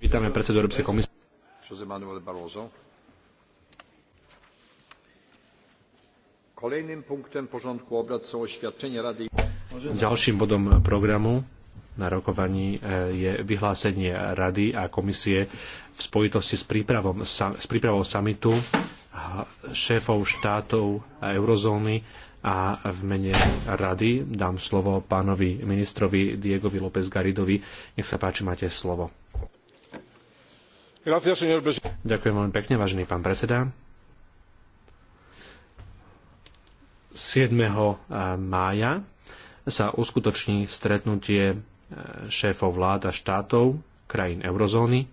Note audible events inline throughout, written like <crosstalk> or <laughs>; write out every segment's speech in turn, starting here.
Vítame predsedu Európskej komisie. Kolejným punktem porządku obrad są oświadczenia Rady. Ďalším bodom programu na rokovaní e, je vyhlásenie Rady a komisie v spojitosti s, prípravou samitu šéfov štátov eurozóny a v mene rady dám slovo pánovi ministrovi Diegovi López Garidovi. Nech sa páči, máte slovo. Ďakujem veľmi pekne, vážený pán predseda. 7. Eh, mája sa uskutoční stretnutie eh, šéfov vlád a štátov krajín eurozóny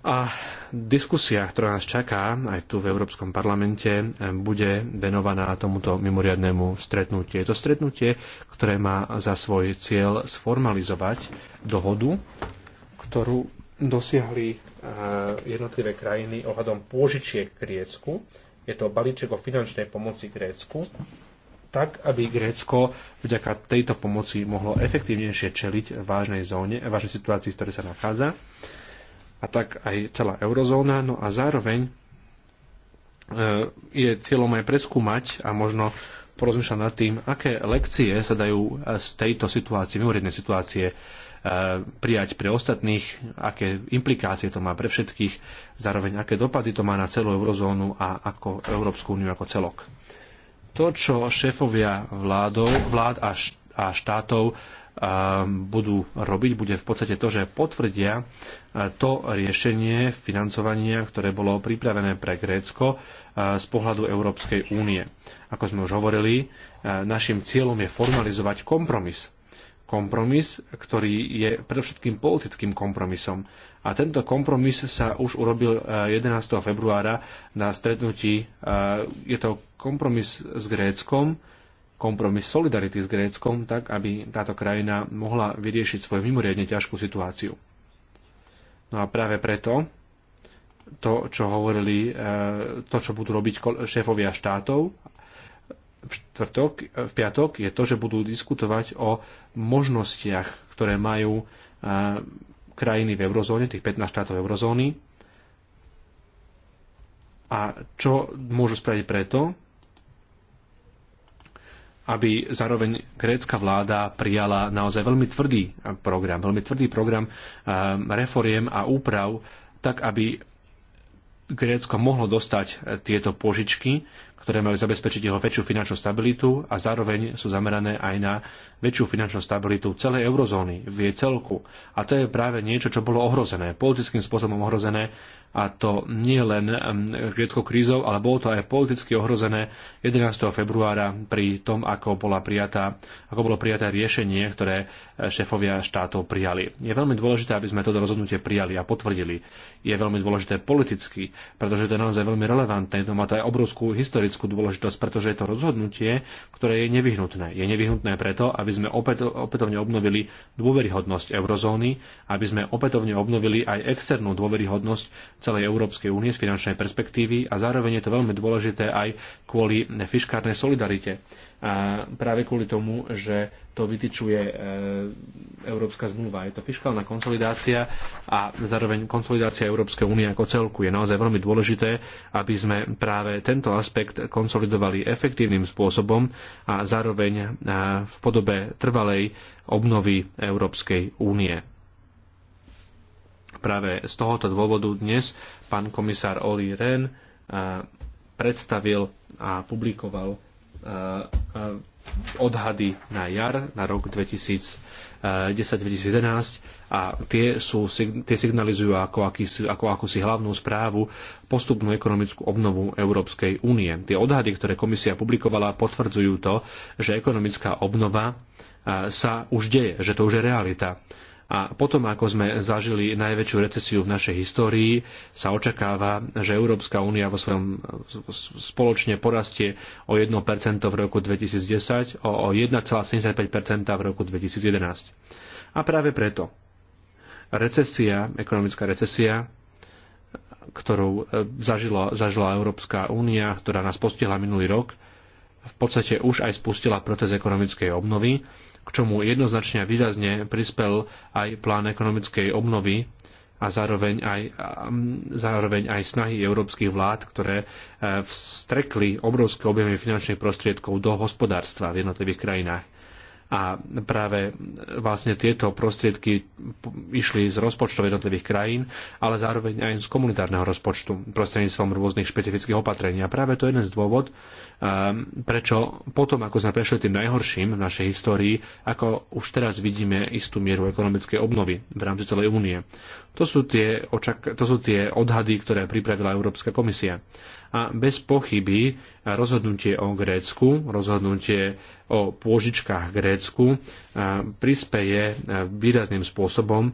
a diskusia, ktorá nás čaká aj tu v Európskom parlamente, bude venovaná tomuto mimoriadnému stretnutiu. Je to stretnutie, ktoré má za svoj cieľ sformalizovať dohodu, ktorú dosiahli e, jednotlivé krajiny ohľadom pôžičiek Grécku. Je to balíček o finančnej pomoci Grécku, tak, aby Grécko vďaka tejto pomoci mohlo efektívnejšie čeliť vážnej, zóne, vážnej situácii, v ktorej sa nachádza a tak aj celá eurozóna. No a zároveň e, je cieľom aj preskúmať a možno porozmýšľať nad tým, aké lekcie sa dajú e, z tejto situácie, mimoriadnej situácie, e, prijať pre ostatných, aké implikácie to má pre všetkých, zároveň aké dopady to má na celú eurozónu a ako Európsku úniu ako celok. To, čo šéfovia vládov, vlád a, a štátov Ehm, budú robiť, bude v podstate to, že potvrdia e, to riešenie financovania, ktoré bolo pripravené pre Grécko e, z pohľadu Európskej únie. Ako sme už hovorili, e, našim cieľom je formalizovať kompromis. Kompromis, ktorý je predovšetkým politickým kompromisom. A tento kompromis sa už urobil 11. februára na stretnutí. Je to kompromis s Gréckom, kompromis solidarity s Gréckom, tak aby táto krajina mohla vyriešiť svoju mimoriadne ťažkú situáciu. No a práve preto to, čo hovorili, e, to, čo budú robiť šéfovia štátov v, čtvrtok, v piatok, je to, že budú diskutovať o možnostiach, ktoré majú e, krajiny v eurozóne, tých 15 štátov eurozóny, a čo môžu spraviť preto, aby zároveň grécka vláda prijala naozaj veľmi tvrdý program, veľmi tvrdý program ehm, reforiem a úprav, tak aby Grécko mohlo dostať e, tieto požičky, ktoré majú zabezpečiť jeho väčšiu finančnú stabilitu a zároveň sú zamerané aj na väčšiu finančnú stabilitu celej eurozóny v jej celku. A to je práve niečo, čo bolo ohrozené, politickým spôsobom ohrozené a to nie len greckou krízou, ale bolo to aj politicky ohrozené 11. februára pri tom, ako, bola prijatá, ako bolo prijaté riešenie, ktoré eh, šéfovia štátov prijali. Je veľmi dôležité, aby sme toto rozhodnutie prijali a potvrdili je veľmi dôležité politicky, pretože to je naozaj veľmi relevantné. To má to aj obrovskú historickú dôležitosť, pretože je to rozhodnutie, ktoré je nevyhnutné. Je nevyhnutné preto, aby sme opätovne obnovili dôveryhodnosť eurozóny, aby sme opätovne obnovili aj externú dôveryhodnosť celej Európskej únie z finančnej perspektívy a zároveň je to veľmi dôležité aj kvôli fiskárnej solidarite a práve kvôli tomu, že to vytyčuje e, Európska zmluva. Je to fiskálna konsolidácia a zároveň konsolidácia Európskej únie ako celku. Je naozaj veľmi dôležité, aby sme práve tento aspekt konsolidovali efektívnym spôsobom a zároveň e, v podobe trvalej obnovy Európskej únie. Práve z tohoto dôvodu dnes pán komisár Oli Rehn e, predstavil a publikoval Eh, odhady na jar, na rok 2010-2011 eh, a tie, sú, tie signalizujú ako, akýsi, ako akúsi hlavnú správu postupnú ekonomickú obnovu Európskej únie. Tie odhady, ktoré komisia publikovala, potvrdzujú to, že ekonomická obnova eh, sa už deje, že to už je realita a potom, ako sme zažili najväčšiu recesiu v našej histórii, sa očakáva, že Európska únia vo svojom spoločne porastie o 1% v roku 2010, o 1,75% v roku 2011. A práve preto recesia, ekonomická recesia, ktorú e, zažila, zažila Európska únia, ktorá nás postihla minulý rok, v podstate už aj spustila proces ekonomickej obnovy k čomu jednoznačne a výrazne prispel aj plán ekonomickej obnovy a zároveň aj, zároveň aj snahy európskych vlád, ktoré e, vstrekli obrovské objemy finančných prostriedkov do hospodárstva v jednotlivých krajinách a práve vlastne tieto prostriedky išli z rozpočtov jednotlivých krajín, ale zároveň aj z komunitárneho rozpočtu prostredníctvom rôznych špecifických opatrení. A práve to je jeden z dôvod, um, prečo potom, ako sme prešli tým najhorším v našej histórii, ako už teraz vidíme istú mieru ekonomickej obnovy v rámci celej únie. To sú tie, očak- to sú tie odhady, ktoré pripravila Európska komisia a bez pochyby rozhodnutie o Grécku, rozhodnutie o pôžičkách Grécku prispeje výrazným spôsobom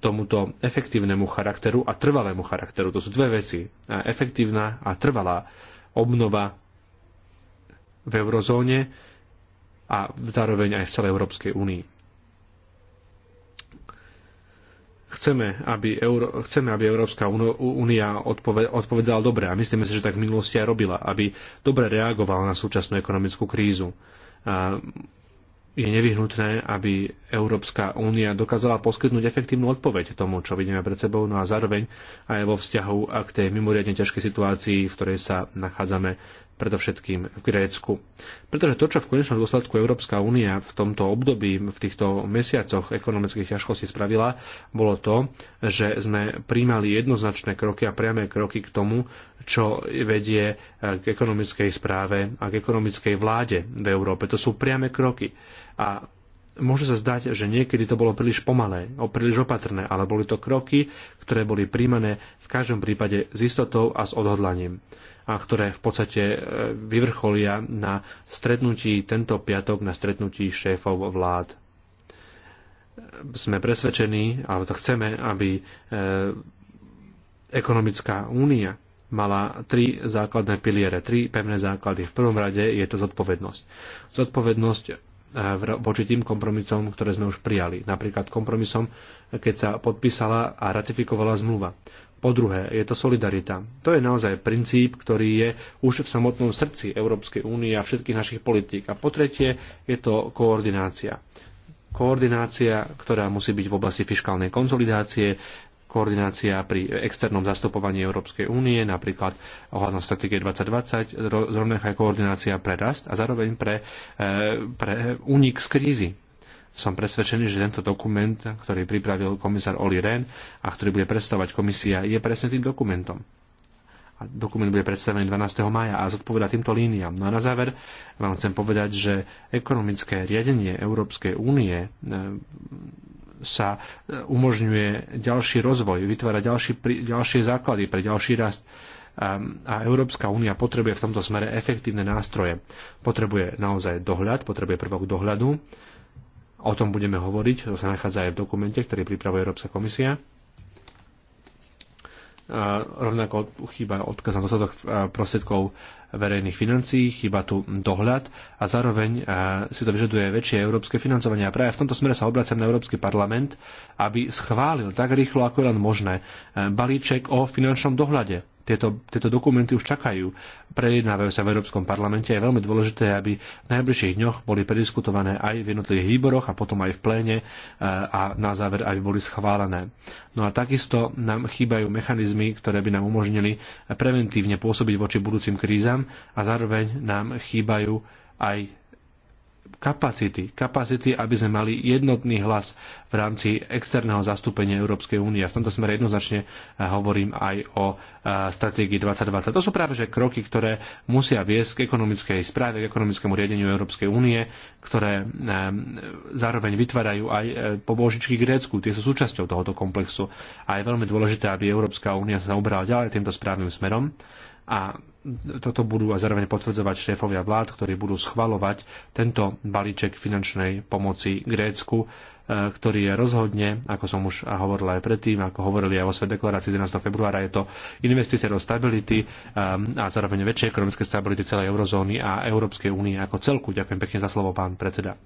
tomuto efektívnemu charakteru a trvalému charakteru. To sú dve veci. Efektívna a trvalá obnova v eurozóne a zároveň aj v celej Európskej únii. chceme, aby, Euró- chceme, aby Európska únia odpovedala dobre a myslíme si, že tak v minulosti aj robila, aby dobre reagovala na súčasnú ekonomickú krízu. A je nevyhnutné, aby Európska únia dokázala poskytnúť efektívnu odpoveď tomu, čo vidíme pred sebou, no a zároveň aj vo vzťahu k tej mimoriadne ťažkej situácii, v ktorej sa nachádzame predovšetkým v Grécku. Pretože to, čo v konečnom dôsledku Európska únia v tomto období, v týchto mesiacoch ekonomických ťažkostí spravila, bolo to, že sme príjmali jednoznačné kroky a priame kroky k tomu, čo vedie k ekonomickej správe a k ekonomickej vláde v Európe. To sú priame kroky. A môže sa zdať, že niekedy to bolo príliš pomalé, príliš opatrné, ale boli to kroky, ktoré boli príjmané v každom prípade s istotou a s odhodlaním a ktoré v podstate e, vyvrcholia na stretnutí tento piatok, na stretnutí šéfov vlád. Sme presvedčení, ale to chceme, aby e, ekonomická únia mala tri základné piliere, tri pevné základy. V prvom rade je to zodpovednosť. Zodpovednosť e, voči tým kompromisom, ktoré sme už prijali. Napríklad kompromisom, keď sa podpísala a ratifikovala zmluva. Po druhé, je to solidarita. To je naozaj princíp, ktorý je už v samotnom srdci Európskej únie a všetkých našich politík. A po tretie, je to koordinácia. Koordinácia, ktorá musí byť v oblasti fiskálnej konsolidácie, koordinácia pri externom zastupovaní Európskej únie, napríklad ohľadom stratégie 2020, rovnaká koordinácia pre rast a zároveň pre, eh, pre únik z krízy som presvedčený, že tento dokument, ktorý pripravil komisár Oli Rehn a ktorý bude predstavovať komisia, je presne tým dokumentom. A dokument bude predstavený 12. maja a zodpoveda týmto líniám. No a na záver vám chcem povedať, že ekonomické riadenie Európskej únie e, sa e, umožňuje ďalší rozvoj, vytvára ďalší, ďalšie základy pre ďalší rast ehm, a Európska únia potrebuje v tomto smere efektívne nástroje. Potrebuje naozaj dohľad, potrebuje prvok dohľadu, O tom budeme hovoriť, to sa nachádza aj v dokumente, ktorý pripravuje Európska komisia. A rovnako chýba odkaz na dostatok e, prostriedkov verejných financií, chýba tu dohľad a zároveň e, si to vyžaduje väčšie európske financovanie. A práve v tomto smere sa obraciam na Európsky parlament, aby schválil tak rýchlo, ako je len možné, e, balíček o finančnom dohľade tieto, tieto dokumenty už čakajú, prejednávajú sa v Európskom parlamente a je veľmi dôležité, aby v najbližších dňoch boli prediskutované aj v jednotlivých výboroch a potom aj v pléne e, a na záver, aby boli schválené. No a takisto nám chýbajú mechanizmy, ktoré by nám umožnili preventívne pôsobiť voči budúcim krízam a zároveň nám chýbajú aj kapacity, kapacity, aby sme mali jednotný hlas v rámci externého zastúpenia Európskej únie. V tomto smere jednoznačne eh, hovorím aj o eh, stratégii 2020. To sú práve že kroky, ktoré musia viesť k ekonomickej správe, k ekonomickému riadeniu Európskej únie, ktoré eh, zároveň vytvárajú aj pobožičky Grécku. Tie sú súčasťou tohoto komplexu a je veľmi dôležité, aby Európska únia sa ubrala ďalej týmto správnym smerom a toto budú a zároveň potvrdzovať šéfovia vlád, ktorí budú schvalovať tento balíček finančnej pomoci Grécku, e, ktorý je rozhodne, ako som už hovoril aj predtým, ako hovorili aj vo svojej deklarácii 11. februára, je to investícia do stability e, a zároveň väčšej ekonomické stability celej eurozóny a Európskej únie ako celku. Ďakujem pekne za slovo, pán predseda.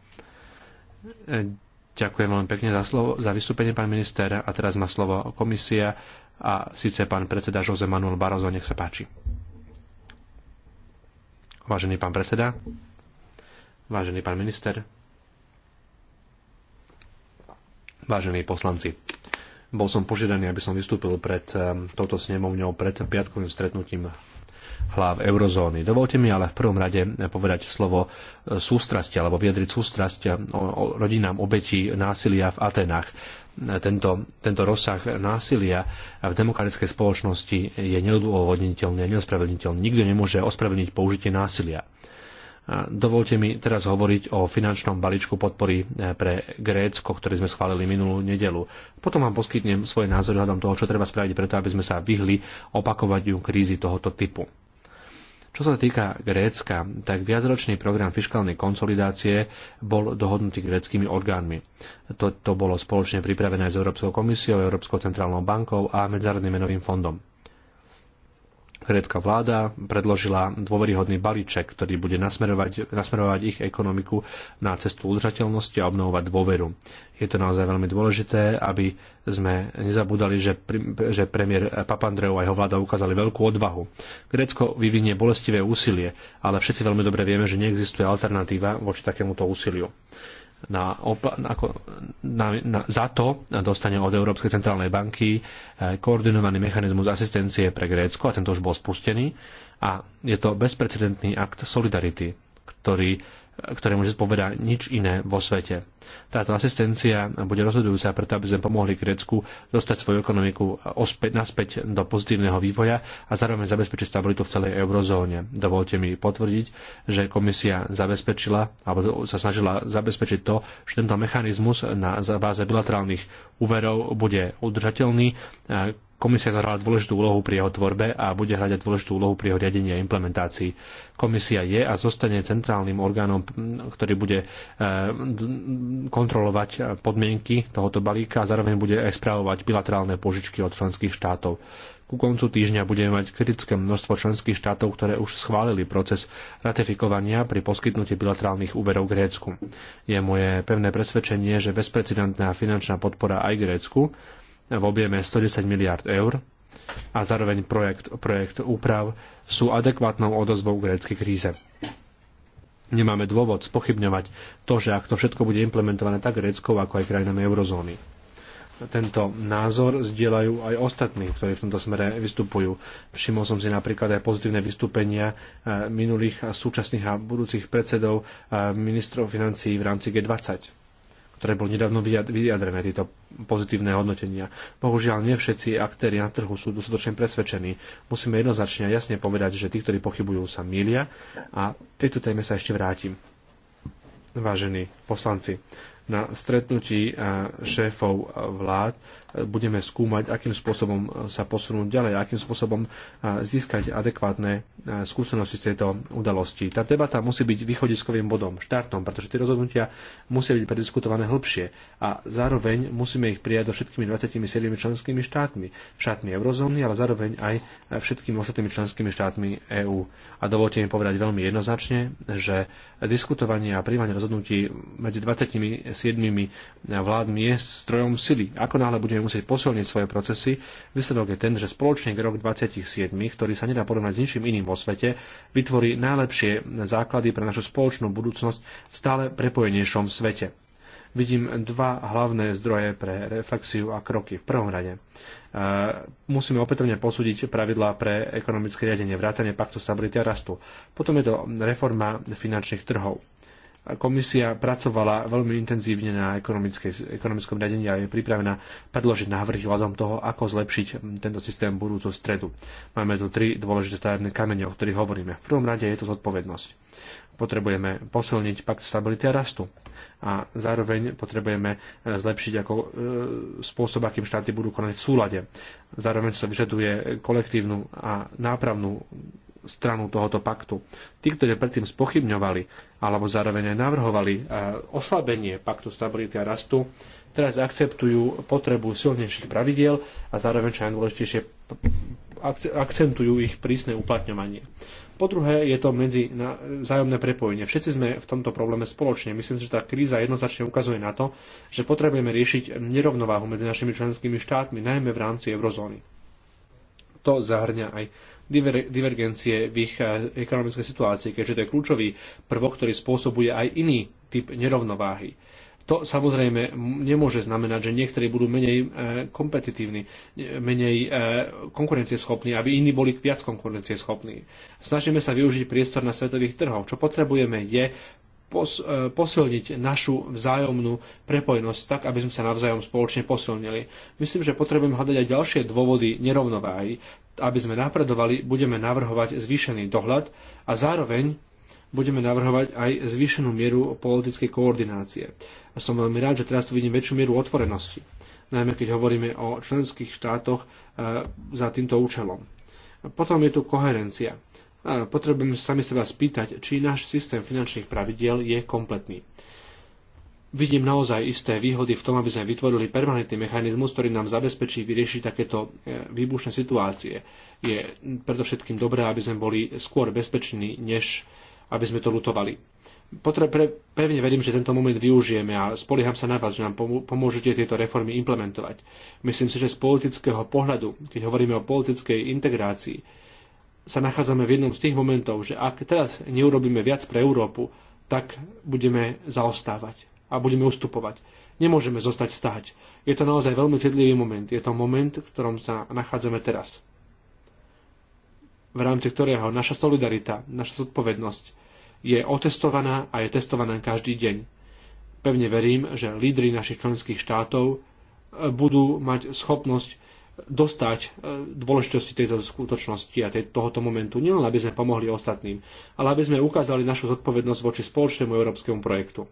E, ďakujem veľmi pekne za, slovo, za vystúpenie, pán minister. A teraz má slovo komisia a síce pán predseda Jose Manuel Barozo. Nech sa páči. Vážený pán predseda, vážený pán minister, vážení poslanci, bol som požiadaný, aby som vystúpil pred eh, touto snemovňou, pred piatkovým stretnutím hlav eurozóny. Dovolte mi ale v prvom rade povedať slovo eh, sústrasť alebo vyjadriť sústrasť eh, rodinám obetí násilia v Atenách tento, tento rozsah násilia v demokratickej spoločnosti je neodôvodniteľný a neospravedlniteľný. Nikto nemôže ospravedlniť použitie násilia. Dovolte mi teraz hovoriť o finančnom balíčku podpory e, pre Grécko, ktorý sme schválili minulú nedelu. Potom vám poskytnem svoje názory hľadom toho, čo treba spraviť preto, aby sme sa vyhli opakovaniu krízy tohoto typu. Čo sa týka Grécka, tak viacročný program fiskálnej konsolidácie bol dohodnutý gréckými orgánmi. To, to bolo spoločne pripravené s Európskou komisiou, Európskou centrálnou bankou a Medzárodným menovým fondom grécka vláda predložila dôveryhodný balíček, ktorý bude nasmerovať, nasmerovať ich ekonomiku na cestu udržateľnosti a obnovovať dôveru. Je to naozaj veľmi dôležité, aby sme nezabúdali, že, že premiér Papandreou a jeho vláda ukázali veľkú odvahu. Grécko vyvinie bolestivé úsilie, ale všetci veľmi dobre vieme, že neexistuje alternatíva voči takémuto úsiliu na, na, na, na, za to dostane od Európskej centrálnej banky eh, koordinovaný mechanizmus asistencie pre Grécko a tento už bol spustený a je to bezprecedentný akt solidarity, ktorý môže spovedať nič iné vo svete. Táto asistencia bude rozhodujúca preto, aby sme pomohli Grécku dostať svoju ekonomiku ospäť, naspäť do pozitívneho vývoja a zároveň zabezpečiť stabilitu v celej eurozóne. Dovolte mi potvrdiť, že komisia zabezpečila alebo sa snažila zabezpečiť to, že tento mechanizmus na báze bilaterálnych úverov bude udržateľný, Komisia zahrala dôležitú úlohu pri jeho tvorbe a bude hľadať dôležitú úlohu pri jeho riadení a implementácii. Komisia je a zostane centrálnym orgánom, ktorý bude eh, kontrolovať podmienky tohoto balíka a zároveň bude aj správovať bilaterálne požičky od členských štátov. Ku koncu týždňa budeme mať kritické množstvo členských štátov, ktoré už schválili proces ratifikovania pri poskytnutí bilaterálnych úverov Grécku. Je moje pevné presvedčenie, že bezprecedentná finančná podpora aj Grécku v objeme 110 miliard eur a zároveň projekt, projekt úprav sú adekvátnou odozvou gréckej kríze. Nemáme dôvod spochybňovať to, že ak to všetko bude implementované tak Gréckou, ako aj krajinami eurozóny. Tento názor zdieľajú aj ostatní, ktorí v tomto smere vystupujú. Všimol som si napríklad aj pozitívne vystúpenia eh, minulých a súčasných a budúcich predsedov eh, ministrov financií v rámci G20 ktoré boli nedávno vyjadrené, tieto pozitívne hodnotenia. Bohužiaľ, nie všetci aktéri na trhu sú dostatočne presvedčení. Musíme jednoznačne a jasne povedať, že tí, ktorí pochybujú, sa mília a tejto téme sa ešte vrátim. Vážení poslanci, na stretnutí eh, šéfov eh, vlád eh, budeme skúmať, akým spôsobom sa posunúť ďalej, akým spôsobom získať adekvátne skúsenosti z tejto udalosti. Tá debata musí byť východiskovým bodom, štartom, pretože tie rozhodnutia musia byť prediskutované hĺbšie a zároveň musíme ich prijať so všetkými 27 členskými štátmi, štátmi eurozóny, ale zároveň aj všetkými ostatnými členskými štátmi EÚ. A dovolte mi povedať veľmi jednoznačne, že diskutovanie a príjmanie rozhodnutí medzi 20 siedmimi vládmi je strojom sily. Ako náhle budeme musieť posilniť svoje procesy, výsledok je ten, že spoločný rok 27, ktorý sa nedá porovnať s ničím iným vo svete, vytvorí najlepšie základy pre našu spoločnú budúcnosť v stále prepojenejšom svete vidím dva hlavné zdroje pre reflexiu a kroky. V prvom rade e, musíme opätovne posúdiť pravidlá pre ekonomické riadenie, vrátanie paktu stability a rastu. Potom je to reforma finančných trhov. Komisia pracovala veľmi intenzívne na ekonomickom riadení a je pripravená predložiť návrhy hľadom toho, ako zlepšiť tento systém budúcu stredu. Máme tu tri dôležité stavebné kamene, o ktorých hovoríme. V prvom rade je to zodpovednosť. Potrebujeme posilniť pakt stability a rastu a zároveň potrebujeme e, zlepšiť ako e, spôsob, akým štáty budú konať v súlade. Zároveň sa vyžaduje kolektívnu a nápravnú stranu tohoto paktu. Tí, ktorí predtým spochybňovali alebo zároveň aj navrhovali e, oslabenie paktu stability a rastu, teraz akceptujú potrebu silnejších pravidiel a zároveň čo najdôležitejšie akcentujú ich prísne uplatňovanie. Po druhé, je to medzi na, vzájomné prepojenie. Všetci sme v tomto probléme spoločne. Myslím, že tá kríza jednoznačne ukazuje na to, že potrebujeme riešiť nerovnováhu medzi našimi členskými štátmi, najmä v rámci eurozóny. To zahrňa aj diver, divergencie v ich eh, ekonomickej situácii, keďže to je kľúčový prvok, ktorý spôsobuje aj iný typ nerovnováhy. To samozrejme nemôže znamenať, že niektorí budú menej eh, kompetitívni, menej eh, konkurencieschopní, aby iní boli viac konkurencieschopní. Snažíme sa využiť priestor na svetových trhoch. Čo potrebujeme je posilniť našu vzájomnú prepojenosť tak, aby sme sa navzájom spoločne posilnili. Myslím, že potrebujeme hľadať aj ďalšie dôvody nerovnováhy, aby sme napredovali, budeme navrhovať zvýšený dohľad a zároveň budeme navrhovať aj zvýšenú mieru politickej koordinácie. A som veľmi rád, že teraz tu vidím väčšiu mieru otvorenosti, najmä keď hovoríme o členských štátoch e, za týmto účelom. Potom je tu koherencia. Potrebujeme sami seba spýtať, či náš systém finančných pravidiel je kompletný vidím naozaj isté výhody v tom, aby sme vytvorili permanentný mechanizmus, ktorý nám zabezpečí vyriešiť takéto e, výbušné situácie. Je predovšetkým dobré, aby sme boli skôr bezpeční, než aby sme to lutovali. Potre, pre, pevne verím, že tento moment využijeme a spolieham sa na vás, že nám pomôžete tieto reformy implementovať. Myslím si, že z politického pohľadu, keď hovoríme o politickej integrácii, sa nachádzame v jednom z tých momentov, že ak teraz neurobíme viac pre Európu, tak budeme zaostávať a budeme ustupovať. Nemôžeme zostať stáť. Je to naozaj veľmi citlivý moment. Je to moment, v ktorom sa nachádzame teraz. V rámci ktorého naša solidarita, naša zodpovednosť je otestovaná a je testovaná každý deň. Pevne verím, že lídry našich členských štátov e, budú mať schopnosť dostať e, dôležitosti tejto skutočnosti a tej, tohoto momentu, nielen aby sme pomohli ostatným, ale aby sme ukázali našu zodpovednosť voči spoločnému európskemu projektu.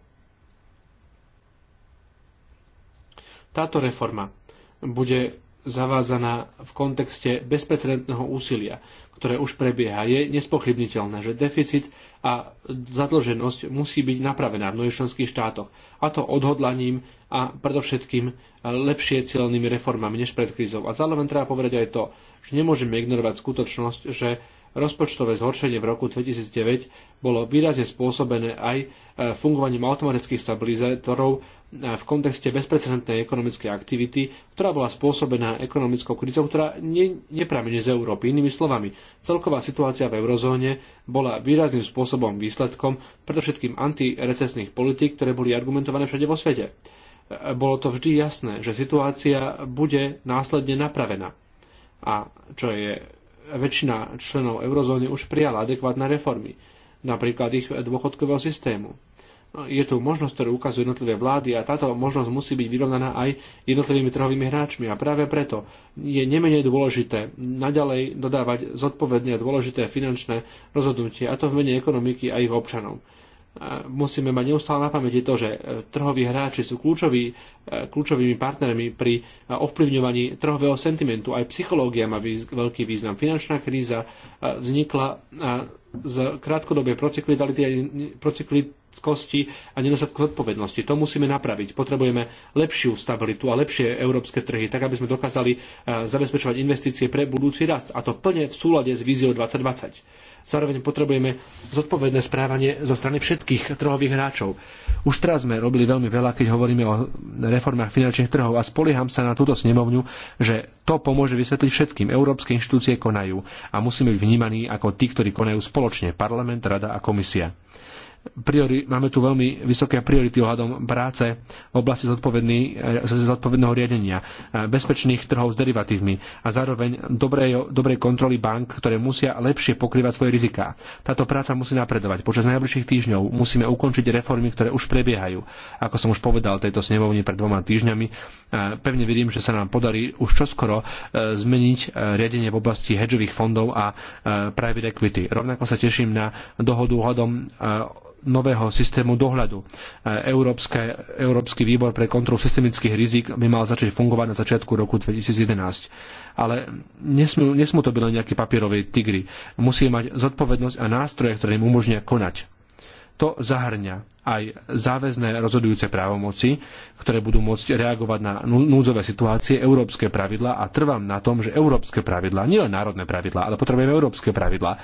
Táto reforma bude zavádzaná v kontexte bezprecedentného úsilia, ktoré už prebieha. Je nespochybniteľné, že deficit a zadlženosť musí byť napravená v mnohých členských štátoch, a to odhodlaním a predovšetkým lepšie cieľnými reformami než pred krízou. A zároveň treba povedať aj to, že nemôžeme ignorovať skutočnosť, že Rozpočtové zhoršenie v roku 2009 bolo výrazne spôsobené aj e, fungovaním automatických stabilizátorov e, v kontexte bezprecedentnej ekonomickej aktivity, ktorá bola spôsobená ekonomickou krizou, ktorá ne, nepramene z Európy. Inými slovami, celková situácia v eurozóne bola výrazným spôsobom výsledkom predovšetkým antirecesných politík, ktoré boli argumentované všade vo svete. E, bolo to vždy jasné, že situácia bude následne napravená. A čo je väčšina členov eurozóny už prijala adekvátne reformy, napríklad ich dôchodkového systému. No, je tu možnosť, ktorú ukazujú jednotlivé vlády a táto možnosť musí byť vyrovnaná aj jednotlivými trhovými hráčmi a práve preto je nemenej dôležité naďalej dodávať zodpovedne a dôležité finančné rozhodnutie a to v mene ekonomiky a ich občanov musíme mať neustále na pamäti to, že e, trhoví hráči sú kľúčoví, e, kľúčovými partnermi pri e, ovplyvňovaní trhového sentimentu. Aj psychológia má výz, veľký význam. Finančná kríza vznikla z krátkodobej procyklickosti a nedostatku zodpovednosti. To musíme napraviť. Potrebujeme lepšiu stabilitu a lepšie európske trhy, tak aby sme dokázali zabezpečovať investície pre budúci rast. A to plne v súlade s víziou 2020 Zároveň potrebujeme zodpovedné správanie zo strany všetkých trhových hráčov. Už teraz sme robili veľmi veľa, keď hovoríme o reformách finančných trhov a spolieham sa na túto snemovňu, že to pomôže vysvetliť všetkým. Európske inštitúcie konajú a musíme byť vnímaní ako tí, ktorí konajú spoločne parlament, rada a komisia priori, máme tu veľmi vysoké priority ohľadom práce v oblasti zodpovedného riadenia, eh, bezpečných trhov s derivatívmi a zároveň dobrej, dobrej kontroly bank, ktoré musia lepšie pokrývať svoje riziká. Táto práca musí napredovať. Počas najbližších týždňov musíme ukončiť reformy, ktoré už prebiehajú. Ako som už povedal tejto snemovni pred dvoma týždňami, eh, pevne vidím, že sa nám podarí už čoskoro eh, zmeniť riadenie v oblasti hedžových fondov a private equity. Rovnako sa teším na dohodu ohľadom nového systému dohľadu. E, európske, Európsky výbor pre kontrolu systemických rizik by mal začať fungovať na začiatku roku 2011. Ale nesmú, nesmú to byť len nejaké papierové tigry. Musí mať zodpovednosť a nástroje, ktoré im umožnia konať. To zahrňa aj záväzné rozhodujúce právomoci, ktoré budú môcť reagovať na núdzové situácie, európske pravidlá a trvám na tom, že európske pravidlá, nielen národné pravidlá, ale potrebujeme európske pravidlá,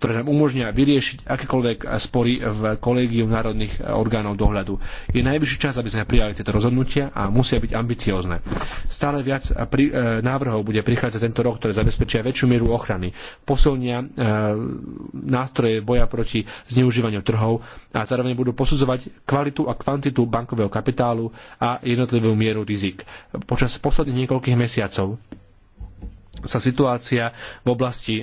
ktoré nám umožnia vyriešiť akékoľvek spory v kolégiu národných orgánov dohľadu. Je najvyšší čas, aby sme prijali tieto rozhodnutia a musia byť ambiciozne. Stále viac pri, e, návrhov bude prichádzať tento rok, ktoré zabezpečia väčšiu mieru ochrany, posilnia e, nástroje boja proti zneužívaniu trhov a zároveň budú posudzovať kvalitu a kvantitu bankového kapitálu a jednotlivú mieru rizik. Počas posledných niekoľkých mesiacov sa situácia v oblasti,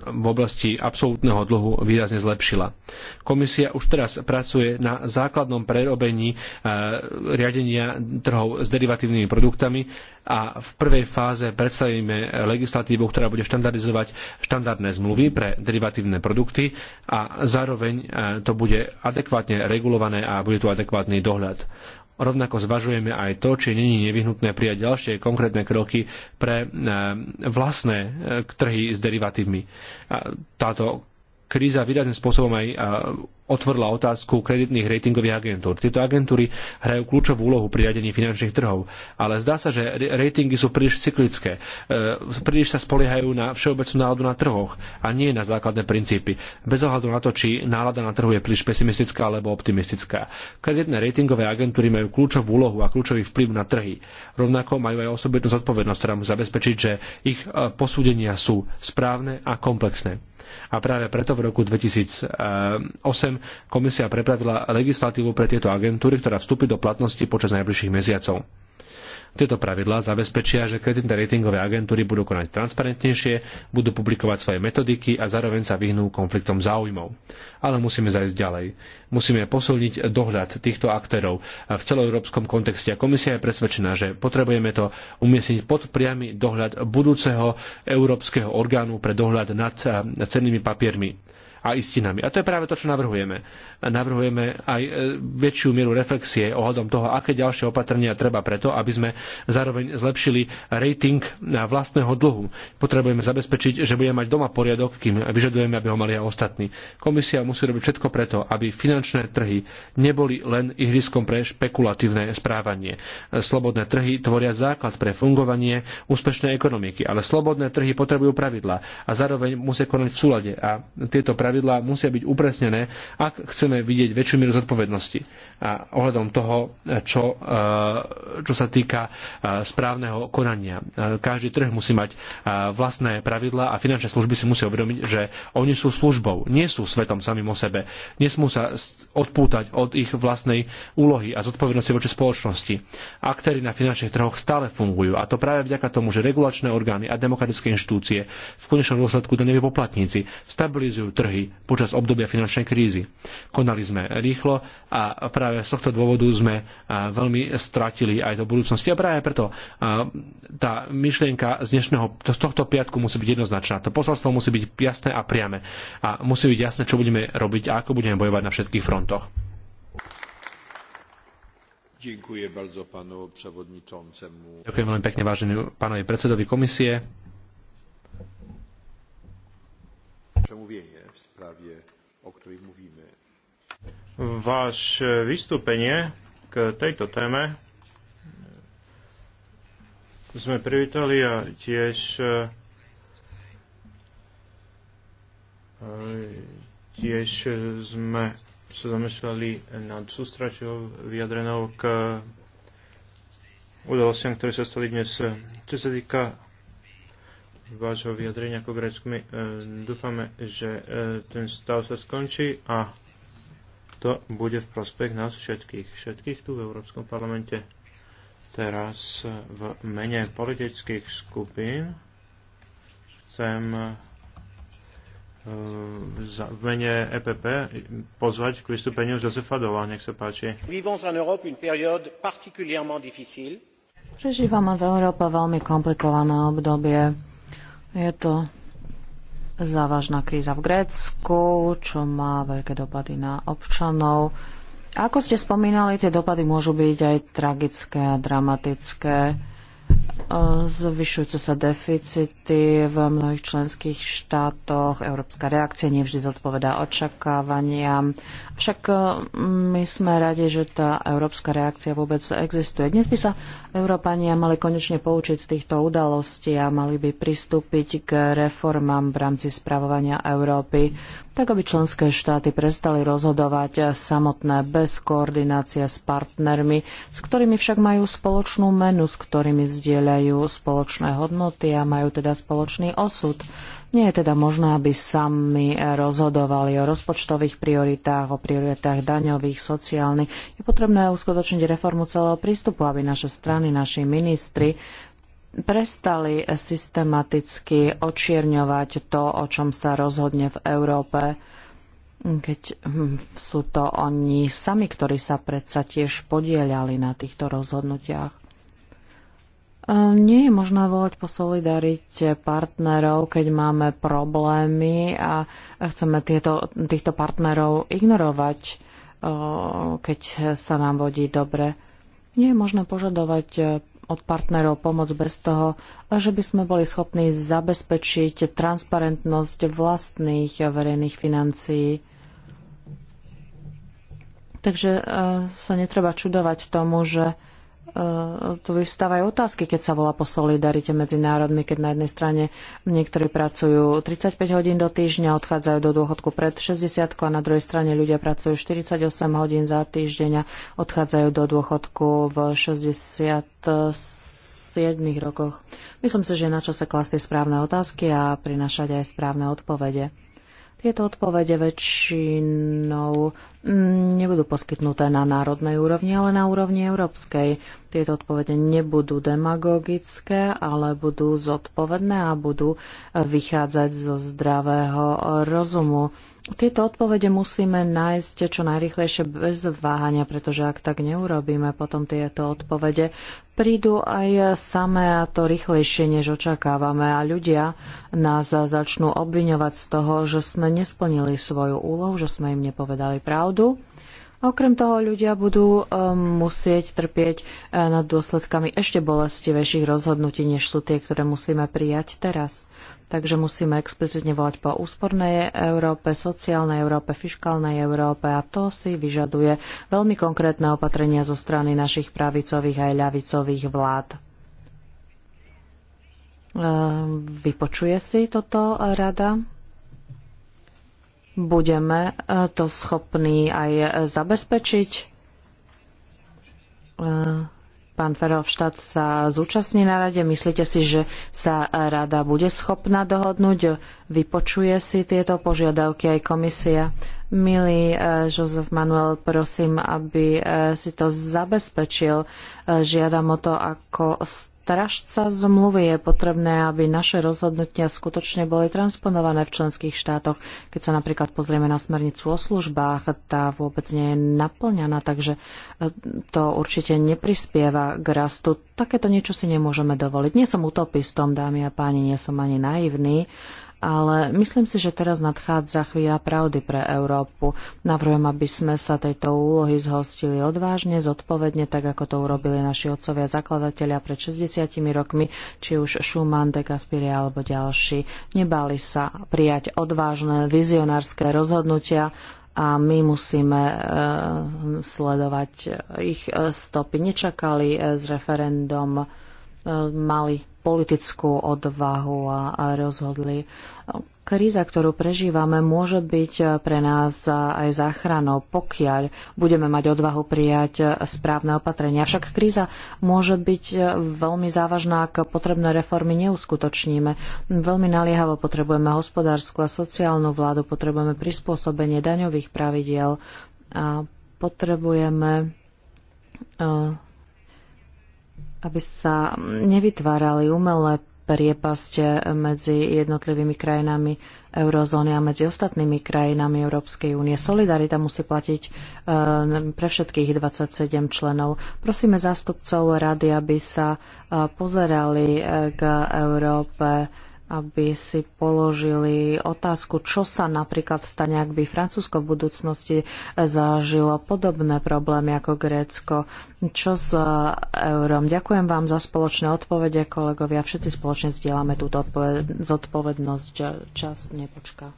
v oblasti absolútneho dlhu výrazne zlepšila. Komisia už teraz pracuje na základnom prerobení riadenia trhov s derivatívnymi produktami a v prvej fáze predstavíme legislatívu, ktorá bude štandardizovať štandardné zmluvy pre derivatívne produkty a zároveň to bude adekvátne regulované a bude tu adekvátny dohľad. Rovnako zvažujeme aj to, či není nevyhnutné prijať ďalšie konkrétne kroky pre eh, vlastné eh, trhy s derivatívmi. Táto kríza výrazným spôsobom aj otvorila otázku kreditných ratingových agentúr. Tieto agentúry hrajú kľúčovú úlohu pri riadení finančných trhov, ale zdá sa, že ratingy sú príliš cyklické. E, príliš sa spoliehajú na všeobecnú náladu na trhoch a nie na základné princípy, bez ohľadu na to, či nálada na trhu je príliš pesimistická alebo optimistická. Kreditné ratingové agentúry majú kľúčovú úlohu a kľúčový vplyv na trhy. Rovnako majú aj osobitnú zodpovednosť, ktorá mu zabezpečiť, že ich e, posúdenia sú správne a komplexné. A práve preto v roku 2008 komisia prepravila legislatívu pre tieto agentúry, ktorá vstúpi do platnosti počas najbližších mesiacov. Tieto pravidlá zabezpečia, že kreditné ratingové agentúry budú konať transparentnejšie, budú publikovať svoje metodiky a zároveň sa vyhnú konfliktom záujmov. Ale musíme zajsť ďalej. Musíme posilniť dohľad týchto aktérov v celoeurópskom kontexte. A komisia je presvedčená, že potrebujeme to umiestniť pod priamy dohľad budúceho európskeho orgánu pre dohľad nad cennými papiermi a istinami. A to je práve to, čo navrhujeme navrhujeme aj e, väčšiu mieru reflexie ohľadom toho, aké ďalšie opatrenia treba preto, aby sme zároveň zlepšili rating vlastného dlhu. Potrebujeme zabezpečiť, že budeme mať doma poriadok, kým vyžadujeme, aby ho mali aj ostatní. Komisia musí robiť všetko preto, aby finančné trhy neboli len ihriskom pre špekulatívne správanie. Slobodné trhy tvoria základ pre fungovanie úspešnej ekonomiky, ale slobodné trhy potrebujú pravidlá a zároveň musia konať v súlade a tieto pravidlá musia byť upresnené, ak chceme chceme vidieť väčšiu mieru zodpovednosti a ohľadom toho, eh, čo, eh, čo sa týka eh, správneho konania. Každý trh musí mať vlastné pravidlá a finančné služby si musia uvedomiť, že oni sú službou, nie sú svetom samým o sebe. Nesmú sa odpútať od ich vlastnej úlohy a zodpovednosti voči spoločnosti. Aktéry na finančných trhoch stále fungujú a to práve vďaka tomu, že regulačné orgány a demokratické inštitúcie v konečnom dôsledku daňoví poplatníci stabilizujú trhy počas obdobia finančnej krízy. Konali sme rýchlo a práve z tohto dôvodu sme veľmi stratili aj do budúcnosti. A práve preto tá myšlienka z dnešného, z tohto piatku musí byť jednoznačná. To posolstvo musí byť jasné a priame. A musí byť jasné, čo budeme robiť a ako budeme bojovať na všetkých frontoch. Ďakujem bardzo panu przewodniczącemu. Ďakujem veľmi pekne vážený pánovi predsedovi komisie. Przemówienie w sprawie, o której mówimy. Váš vystúpenie k tejto téme sme privítali a tiež e, tiež sme sa zamysleli nad sústraťou vyjadrenou k udalostiam, ktoré sa stali dnes. Čo sa týka vášho vyjadrenia ako grécku, my e, dúfame, že e, ten stav sa skončí a to bude v prospech nás všetkých, všetkých tu v Európskom parlamente. Teraz v mene politických skupín chcem e, v mene EPP pozvať k vystúpeniu Josefa Dola. Nech sa páči. Prežívame v Európe veľmi komplikované obdobie. Je to závažná kríza v Grécku, čo má veľké dopady na občanov. Ako ste spomínali, tie dopady môžu byť aj tragické a dramatické. E, zvyšujúce sa deficity v mnohých členských štátoch, európska reakcia nevždy zodpovedá očakávaniam. Však e, my sme radi, že tá európska reakcia vôbec existuje. Dnes by sa Európania mali konečne poučiť z týchto udalostí a mali by pristúpiť k reformám v rámci spravovania Európy, tak aby členské štáty prestali rozhodovať samotné bez koordinácie s partnermi, s ktorými však majú spoločnú menu, s ktorými zdieľajú spoločné hodnoty a majú teda spoločný osud. Nie je teda možné, aby sami rozhodovali o rozpočtových prioritách, o prioritách daňových, sociálnych. Je potrebné uskutočniť reformu celého prístupu, aby naše strany, naši ministri prestali systematicky očierňovať to, o čom sa rozhodne v Európe, keď hm, sú to oni sami, ktorí sa predsa tiež podielali na týchto rozhodnutiach. Ehm, nie je možné volať po solidarite partnerov, keď máme problémy a chceme tieto, týchto partnerov ignorovať, ehm, keď sa nám vodí dobre. Nie je možné požadovať eh, od partnerov pomoc bez toho, že by sme boli schopní zabezpečiť transparentnosť vlastných verejných financií. Takže eh, sa netreba čudovať tomu, že Eh, tu vyvstávajú otázky, keď sa volá po solidarite medzi národmi, keď na jednej strane niektorí pracujú 35 hodín do týždňa, odchádzajú do dôchodku pred 60 a na druhej strane ľudia pracujú 48 hodín za týždeň a odchádzajú do dôchodku v 67 rokoch. Myslím si, že je na čase klasť správne otázky a prinašať aj správne odpovede. Tieto odpovede väčšinou Mm, nebudú poskytnuté na národnej úrovni, ale na úrovni európskej. Tieto odpovede nebudú demagogické, ale budú zodpovedné a budú vychádzať zo zdravého rozumu. Tieto odpovede musíme nájsť čo najrychlejšie bez váhania, pretože ak tak neurobíme, potom tieto odpovede prídu aj samé a to rýchlejšie, než očakávame a ľudia nás začnú obviňovať z toho, že sme nesplnili svoju úlohu, že sme im nepovedali pravdu. Okrem toho ľudia budú eh, musieť trpieť eh, nad dôsledkami ešte bolestivejších rozhodnutí, než sú tie, ktoré musíme prijať teraz. Takže musíme explicitne volať po úspornej Európe, sociálnej Európe, fiškálnej Európe a to si vyžaduje veľmi konkrétne opatrenia zo strany našich pravicových aj ľavicových vlád. E, vypočuje si toto rada? Budeme e, to schopní aj zabezpečiť? E, Pán Ferovštát sa zúčastní na rade. Myslíte si, že sa rada bude schopná dohodnúť? Vypočuje si tieto požiadavky aj komisia? Milý eh, Jozef Manuel, prosím, aby eh, si to zabezpečil. Eh, žiadam o to ako strážca zmluvy je potrebné, aby naše rozhodnutia skutočne boli transponované v členských štátoch. Keď sa napríklad pozrieme na smernicu o službách, tá vôbec nie je naplňaná, takže e, to určite neprispieva k rastu. Takéto niečo si nemôžeme dovoliť. Nie som utopistom, dámy a páni, nie som ani naivný, ale myslím si, že teraz nadchádza chvíľa pravdy pre Európu. Navrhujem, aby sme sa tejto úlohy zhostili odvážne, zodpovedne, tak ako to urobili naši otcovia zakladatelia pred 60 rokmi, či už Schumann, de Gaspiri alebo ďalší. Nebali sa prijať odvážne vizionárske rozhodnutia, a my musíme e, sledovať ich e, stopy. Nečakali e, s referendum, e, mali politickú odvahu a rozhodli. Kríza, ktorú prežívame, môže byť pre nás aj záchranou, pokiaľ budeme mať odvahu prijať správne opatrenia. Však kríza môže byť veľmi závažná, ak potrebné reformy neuskutočníme. Veľmi naliehavo potrebujeme hospodárskú a sociálnu vládu, potrebujeme prispôsobenie daňových pravidiel a potrebujeme aby sa nevytvárali umelé priepaste medzi jednotlivými krajinami eurozóny a medzi ostatnými krajinami Európskej únie. Solidarita musí platiť eh, pre všetkých 27 členov. Prosíme zástupcov rady, aby sa eh, pozerali eh, k Európe aby si položili otázku, čo sa napríklad stane, ak by Francúzsko v budúcnosti zažilo podobné problémy ako Grécko. Čo s e, eurom? Ďakujem vám za spoločné odpovede, kolegovia. Všetci spoločne zdieľame túto odpoved- zodpovednosť. Čas nepočká.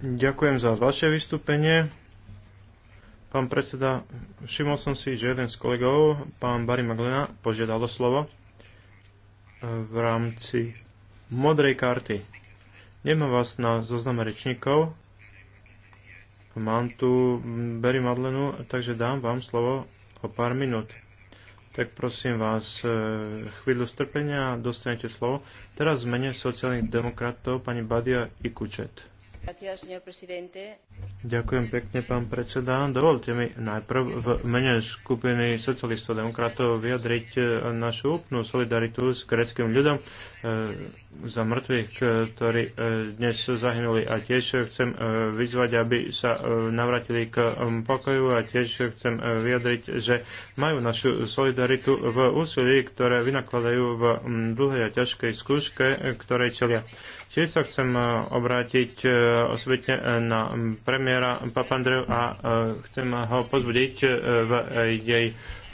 Ďakujem za vaše vystúpenie. Pán predseda, všimol som si, že jeden z kolegov, pán Barry Maglena, požiadal o slovo v rámci modrej karty. Nemám vás na zozname rečníkov. Mám tu Berry Madlenu, takže dám vám slovo o pár minút. Tak prosím vás, e, chvíľu strpenia a dostanete slovo. Teraz v mene sociálnych demokratov pani Badia Ikučet. Ďakujem pekne, pán predseda. Dovolte mi najprv v mene skupiny socialistov demokratov vyjadriť e, našu úplnú solidaritu s greckým ľudom e, za mŕtvych, e, ktorí e, dnes zahynuli. A tiež chcem e, vyzvať, aby sa navratili k pokoju a tiež chcem vyjadriť, že majú našu solidaritu v úsilí, ktoré vynakladajú v dlhej a ťažkej skúške, ktoré čelia. Čiže sa chcem obrátiť osobitne na premiéra Papandreu a chcem ho pozbudiť v jej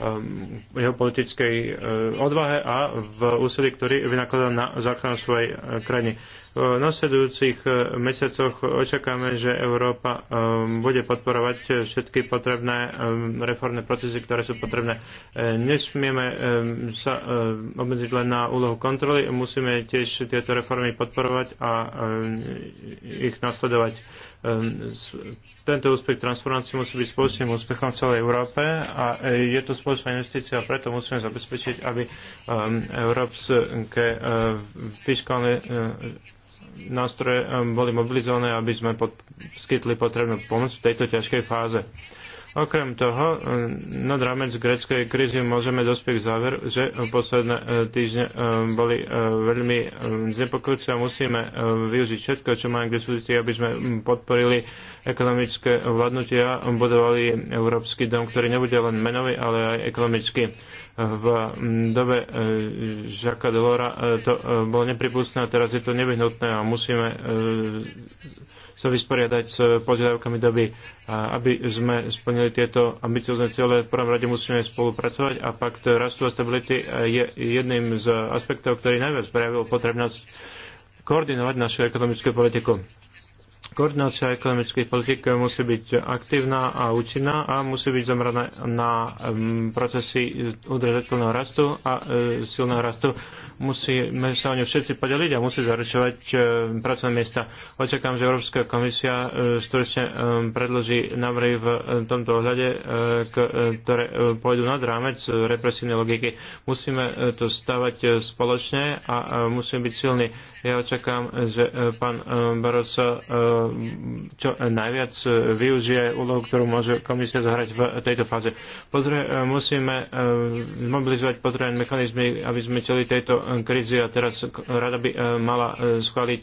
Um, jeho politickej uh, odvahe a v úsilí, ktorý vynakladá na záchranu svojej uh, krajiny. V nasledujúcich eh, mesiacoch očakáme, že Európa ehm, bude podporovať všetky potrebné ehm, reformné procesy, ktoré sú potrebné. Eh, nesmieme ehm, sa obmedziť len na úlohu kontroly, musíme tiež tieto reformy podporovať a ich nasledovať. Tento úspech transformácie musí byť spoločným úspechom v celej Európe a e, je to spoločná investícia a preto musíme zabezpečiť, aby európske eh, fiskálne nástroje ehm, boli mobilizované, aby sme poskytli potrebnú pomoc v tejto ťažkej fáze. Okrem toho, e, nad rámec greckej krízy môžeme dospieť k záveru, že posledné e, týždne e, boli veľmi znepokojúce a musíme využiť všetko, čo máme k dispozícii, aby sme podporili ekonomické vládnutie a budovali Európsky dom, ktorý nebude len menový, ale aj ekonomický v dobe Žaka Delora to bolo nepripustné a teraz je to nevyhnutné a musíme sa vysporiadať s požiadavkami doby, aby sme splnili tieto ambiciozne ciele v prvom rade musíme spolupracovať a pakt rastu a stability je jedným z aspektov, ktorý najviac prejavil potrebnosť koordinovať našu ekonomickú politiku. Koordinácia ekonomických politik musí byť aktívna a účinná a musí byť zameraná na mm, procesy udržateľného rastu a e, silného rastu. Musíme sa o ňu všetci podeliť a musí zaručovať e, pracovné miesta. Očakám, že Európska komisia e, stručne predloží návrhy v tomto ohľade, ktoré pôjdu nad rámec represívnej logiky. Musíme to stavať spoločne a musíme byť silní. Ja očakám, že pán Barosa čo najviac využije úlohu, ktorú môže komisia zahrať v tejto fáze. Podre, musíme e, zmobilizovať potrebné mechanizmy, aby sme čeli tejto krízi a teraz rada by e, mala e, schváliť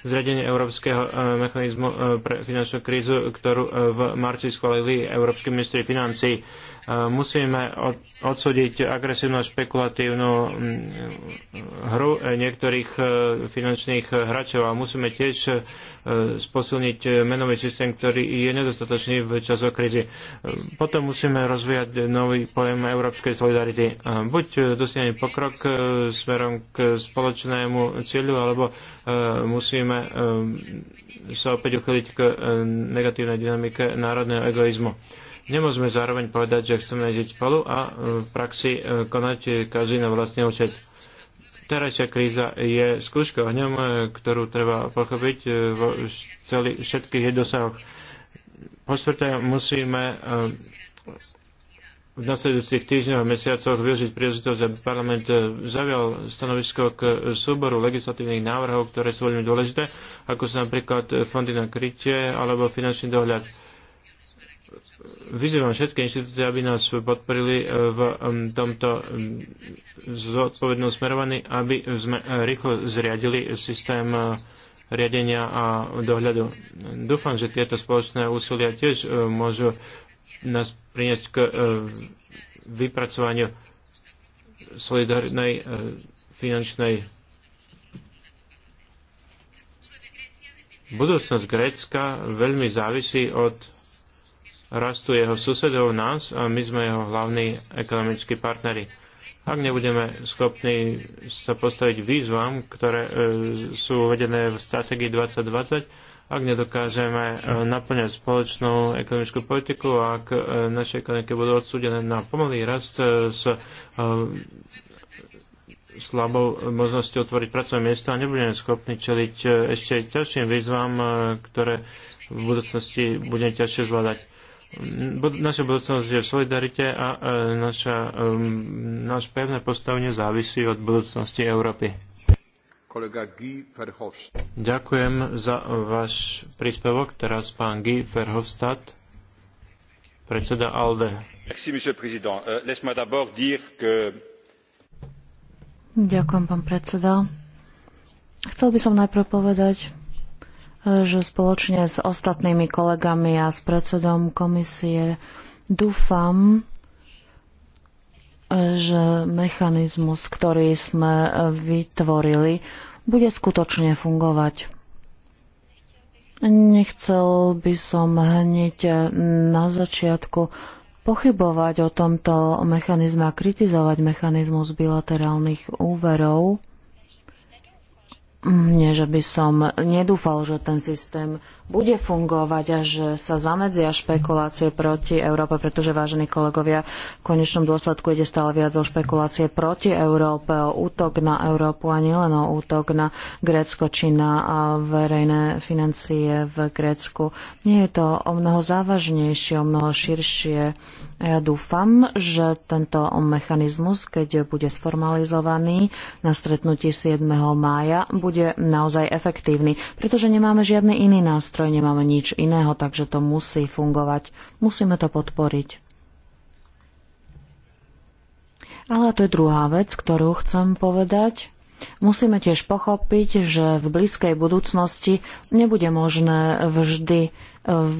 zriadenie Európskeho mechanizmu pre finančnú krízu, ktorú v marci schválili Európsky ministri financií musíme odsúdiť agresívnu špekulatívnu mm, hru e, niektorých e, finančných hráčov a musíme tiež e, sposilniť menový systém, ktorý je nedostatočný v časoch krízy. Potom musíme rozvíjať nový pojem európskej solidarity. Buď dosiahne pokrok smerom k spoločnému cieľu, alebo musíme sa opäť uchyliť k negatívnej dynamike národného egoizmu Nemôžeme zároveň povedať, že chceme žiť spolu a e, v praxi e, konať e, každý na vlastný účet. Terajšia kríza je skúška hňom, ktorú treba pochopiť v celý, všetkých jej dosahoch. Po štvrté, musíme v nasledujúcich týždňoch a mesiacoch využiť príležitosť, aby parlament zavial stanovisko k súboru legislatívnych návrhov, ktoré sú veľmi dôležité, ako sú napríklad fondy na krytie alebo finančný dohľad vyzývam všetky inštitúcie, aby nás podporili e, v e, tomto e, zodpovednom smerovaní, aby sme rýchlo zriadili systém riadenia a dohľadu. Dúfam, že tieto spoločné úsilia tiež môžu nás priniesť k vypracovaniu solidárnej finančnej budúcnosť Grécka veľmi závisí od rastu jeho susedov nás a my sme jeho hlavní ekonomickí partneri. Ak nebudeme schopní sa postaviť výzvam, ktoré e, sú uvedené v stratégii 2020, ak nedokážeme e, naplňať spoločnú ekonomickú politiku ak ak e, naše ekonomiky budú odsúdené na pomalý rast e, s slabou možnosťou otvoriť pracovné miesta a nebudeme schopní čeliť ešte ťažším výzvam, ktoré v budúcnosti budeme ťažšie zvládať. Naša budúcnosť je v solidarite a e, naša, um, naš pevné postavenie závisí od budúcnosti Európy. Ďakujem za váš príspevok. Teraz pán Guy Verhofstadt, predseda ALDE. Euh, Ďakujem, pán predseda. Chcel by som najprv povedať, že spoločne s ostatnými kolegami a s predsedom komisie dúfam, že mechanizmus, ktorý sme vytvorili, bude skutočne fungovať. Nechcel by som hneď na začiatku pochybovať o tomto mechanizme a kritizovať mechanizmus bilaterálnych úverov, nie, že by som nedúfal, že ten systém bude fungovať a že sa zamedzia špekulácie proti Európe, pretože, vážení kolegovia, v konečnom dôsledku ide stále viac o špekulácie proti Európe, o útok na Európu a nielen o útok na Grécko či na verejné financie v Grécku. Nie je to o mnoho závažnejšie, o mnoho širšie. A ja dúfam, že tento mechanizmus, keď bude sformalizovaný na stretnutí 7. mája, bude naozaj efektívny, pretože nemáme žiadny iný nástroj, nemáme nič iného, takže to musí fungovať. Musíme to podporiť. Ale to je druhá vec, ktorú chcem povedať. Musíme tiež pochopiť, že v blízkej budúcnosti nebude možné vždy eh,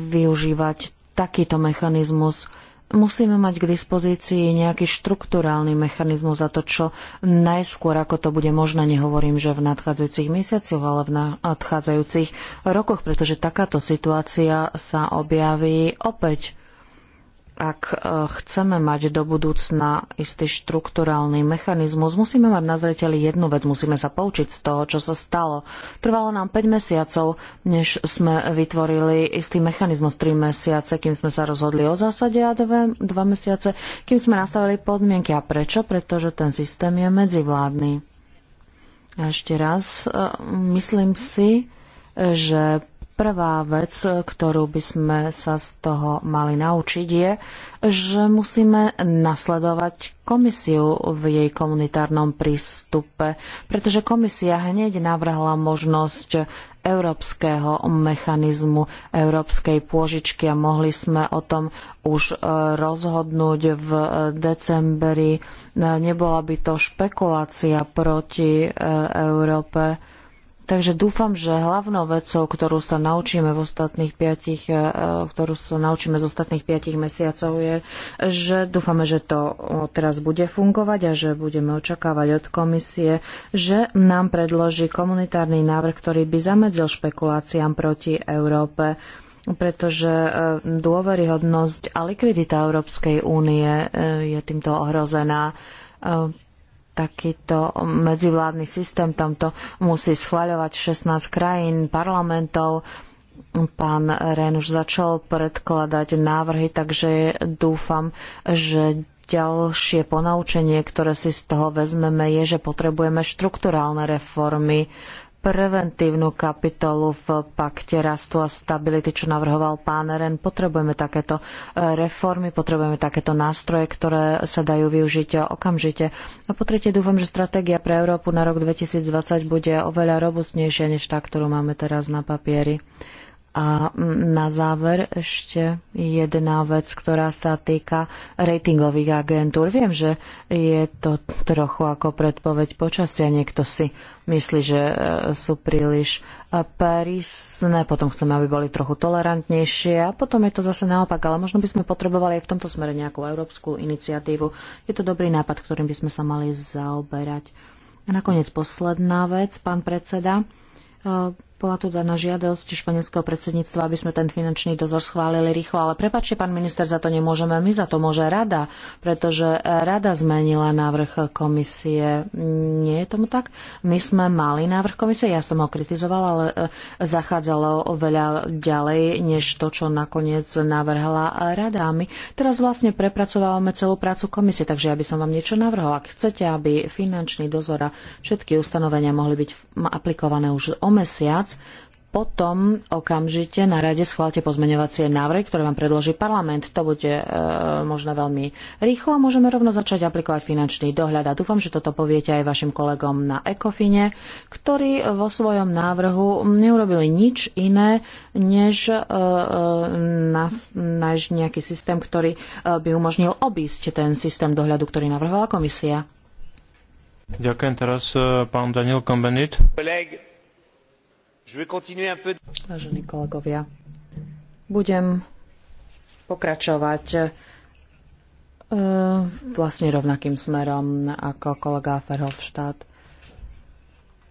využívať takýto mechanizmus musíme mať k dispozícii nejaký štrukturálny mechanizmus za to, čo najskôr, ako to bude možné, nehovorím, že v nadchádzajúcich mesiacoch, ale v nadchádzajúcich rokoch, pretože takáto situácia sa objaví opäť ak e, chceme mať do budúcna istý štrukturálny mechanizmus, musíme mať na zreteli jednu vec, musíme sa poučiť z toho, čo sa stalo. Trvalo nám 5 mesiacov, než sme vytvorili istý mechanizmus, 3 mesiace, kým sme sa rozhodli o zásade a 2, 2 mesiace, kým sme nastavili podmienky. A prečo? Pretože ten systém je medzivládny. A ešte raz, e, myslím si, že prvá vec, ktorú by sme sa z toho mali naučiť, je, že musíme nasledovať komisiu v jej komunitárnom prístupe, pretože komisia hneď navrhla možnosť európskeho mechanizmu európskej pôžičky a mohli sme o tom už e, rozhodnúť v decembri. Nebola by to špekulácia proti e, Európe Takže dúfam, že hlavnou vecou, ktorú sa naučíme v ostatných piatich, e, ktorú sa naučíme z ostatných piatich mesiacov je, že dúfame, že to teraz bude fungovať a že budeme očakávať od komisie, že nám predloží komunitárny návrh, ktorý by zamedzil špekuláciám proti Európe pretože e, dôveryhodnosť a likvidita Európskej únie e, je týmto ohrozená takýto medzivládny systém. Tamto musí schváľovať 16 krajín, parlamentov. Pán Ren už začal predkladať návrhy, takže dúfam, že ďalšie ponaučenie, ktoré si z toho vezmeme, je, že potrebujeme štrukturálne reformy preventívnu kapitolu v pakte rastu a stability, čo navrhoval pán Ren. Potrebujeme takéto e, reformy, potrebujeme takéto nástroje, ktoré sa dajú využiť okamžite. A po tretie dúfam, že stratégia pre Európu na rok 2020 bude oveľa robustnejšia než tá, ktorú máme teraz na papieri. A na záver ešte jedna vec, ktorá sa týka ratingových agentúr. Viem, že je to trochu ako predpoveď počasia. Niekto si myslí, že e, sú príliš e, prísne, potom chceme, aby boli trochu tolerantnejšie a potom je to zase naopak, ale možno by sme potrebovali aj v tomto smere nejakú európsku iniciatívu. Je to dobrý nápad, ktorým by sme sa mali zaoberať. A nakoniec posledná vec, pán predseda. E, bola tu daná žiadosť španielského predsedníctva, aby sme ten finančný dozor schválili rýchlo, ale prepačte, pán minister, za to nemôžeme, my za to môže rada, pretože rada zmenila návrh komisie. Nie je tomu tak? My sme mali návrh komisie, ja som ho kritizovala, ale e, zachádzalo oveľa ďalej, než to, čo nakoniec navrhla rada. A my teraz vlastne prepracovávame celú prácu komisie, takže ja by som vám niečo navrhol. Ak chcete, aby finančný dozor a všetky ustanovenia mohli byť aplikované už o mesiac, mesiac. Potom okamžite na rade schválte pozmeňovacie návrhy, ktoré vám predloží parlament. To bude e, možno veľmi rýchlo a môžeme rovno začať aplikovať finančný dohľad. A dúfam, že toto poviete aj vašim kolegom na Ekofine, ktorí vo svojom návrhu neurobili nič iné, než e, e nás, náš nejaký systém, ktorý e, by umožnil obísť ten systém dohľadu, ktorý navrhovala komisia. Ďakujem teraz e, pán Daniel Kombenit. Vážení kolegovia, budem pokračovať eh, vlastne rovnakým smerom ako kolega Ferhofštát.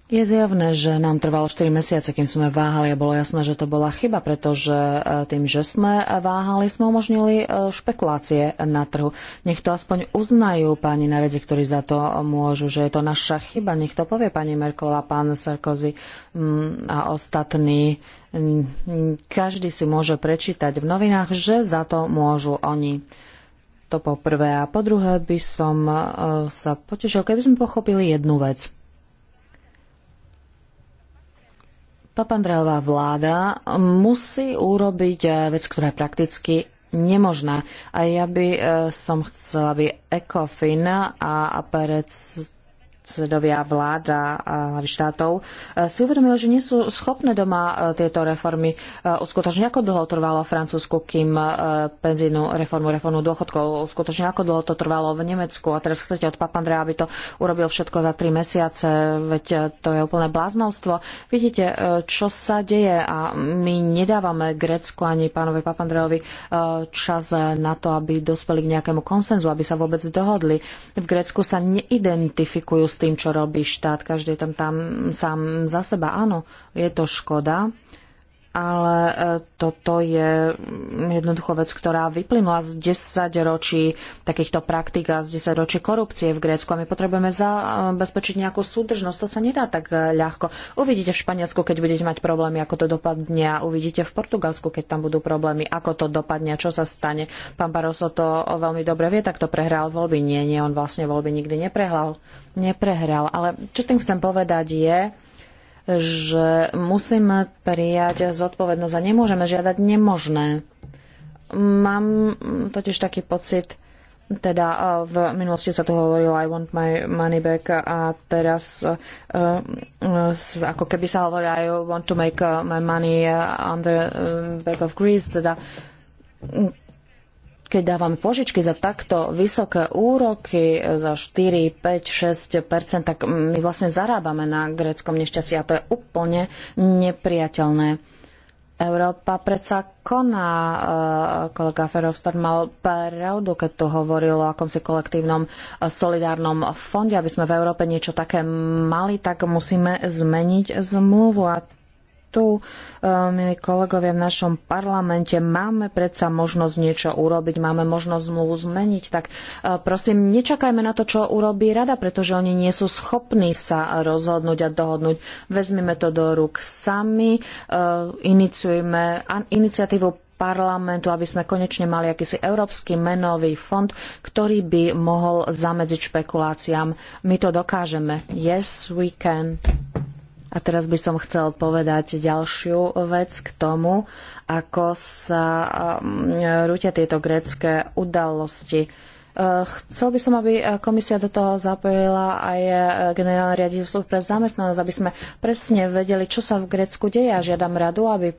Je zjavné, že nám trvalo 4 mesiace, kým sme váhali a bolo jasné, že to bola chyba, pretože e, tým, že sme váhali, sme umožnili e, špekulácie na trhu. Nech to aspoň uznajú páni na rede, ktorí za to môžu, že je to naša chyba. Nech to povie pani Merkola, pán Sarkozy mm, a ostatní. Mm, každý si môže prečítať v novinách, že za to môžu oni. To po prvé. A po druhé by som e, sa potešil, keby sme pochopili jednu vec Papandreová vláda musí urobiť eh, vec, ktorá je prakticky nemožná. A ja by eh, som chcela, aby ECOFIN a, a predsedovia vláda a hlavy štátov e, si uvedomili, že nie sú schopné doma e, tieto reformy e, uskutočniť. Ako dlho trvalo Francúzsku, kým penzínu reformu, reformu dôchodkov uskutočnili? Ako dlho to trvalo v Nemecku? A teraz chcete od Papandre, aby to urobil všetko za tri mesiace, veď to je úplné bláznovstvo. Vidíte, čo sa deje a my nedávame Grécku ani pánovi Papandreovi čas na to, aby dospeli k nejakému konsenzu, aby sa vôbec dohodli. V Grécku sa neidentifikujú s tým, čo robí štát. Každý je tam, tam sám za seba. Áno, je to škoda, ale e, toto je jednoducho vec, ktorá vyplynula z 10 ročí takýchto praktik a z 10 ročí korupcie v Grécku a my potrebujeme zabezpečiť nejakú súdržnosť. To sa nedá tak e, ľahko. Uvidíte v Španielsku, keď budete mať problémy, ako to dopadne a uvidíte v Portugalsku, keď tam budú problémy, ako to dopadne a čo sa stane. Pán Barroso to veľmi dobre vie, tak to prehral voľby. Nie, nie, on vlastne voľby nikdy neprehral. Neprehral, ale čo tým chcem povedať je, že musíme prijať zodpovednosť a nemôžeme žiadať nemožné. Mám totiž taký pocit, teda v minulosti sa tu hovorilo I want my money back a teraz uh, ako keby sa hovorilo I want to make uh, my money uh, on the uh, back of Greece, teda keď dávame požičky za takto vysoké úroky, e, za 4, 5, 6 tak my vlastne zarábame na gréckom nešťastí a to je úplne nepriateľné. Európa predsa koná, e, kolega Ferovstad mal pravdu, keď tu hovoril o akomsi kolektívnom e, solidárnom fonde. Aby sme v Európe niečo také mali, tak musíme zmeniť zmluvu a tu, eh, milí kolegovia, v našom parlamente máme predsa možnosť niečo urobiť, máme možnosť zmluvu zmeniť, tak eh, prosím, nečakajme na to, čo urobí rada, pretože oni nie sú schopní sa rozhodnúť a dohodnúť. Vezmime to do rúk sami, eh, iniciujme iniciatívu parlamentu, aby sme konečne mali akýsi európsky menový fond, ktorý by mohol zamedziť špekuláciám. My to dokážeme. Yes, we can. A teraz by som chcel povedať ďalšiu vec k tomu, ako sa um, rúťa tieto grécké udalosti. Eh, chcel by som, aby eh, komisia do toho zapojila aj eh, generálne riaditeľstvo pre zamestnanosť, aby sme presne vedeli, čo sa v Grécku deje. A žiadam radu, aby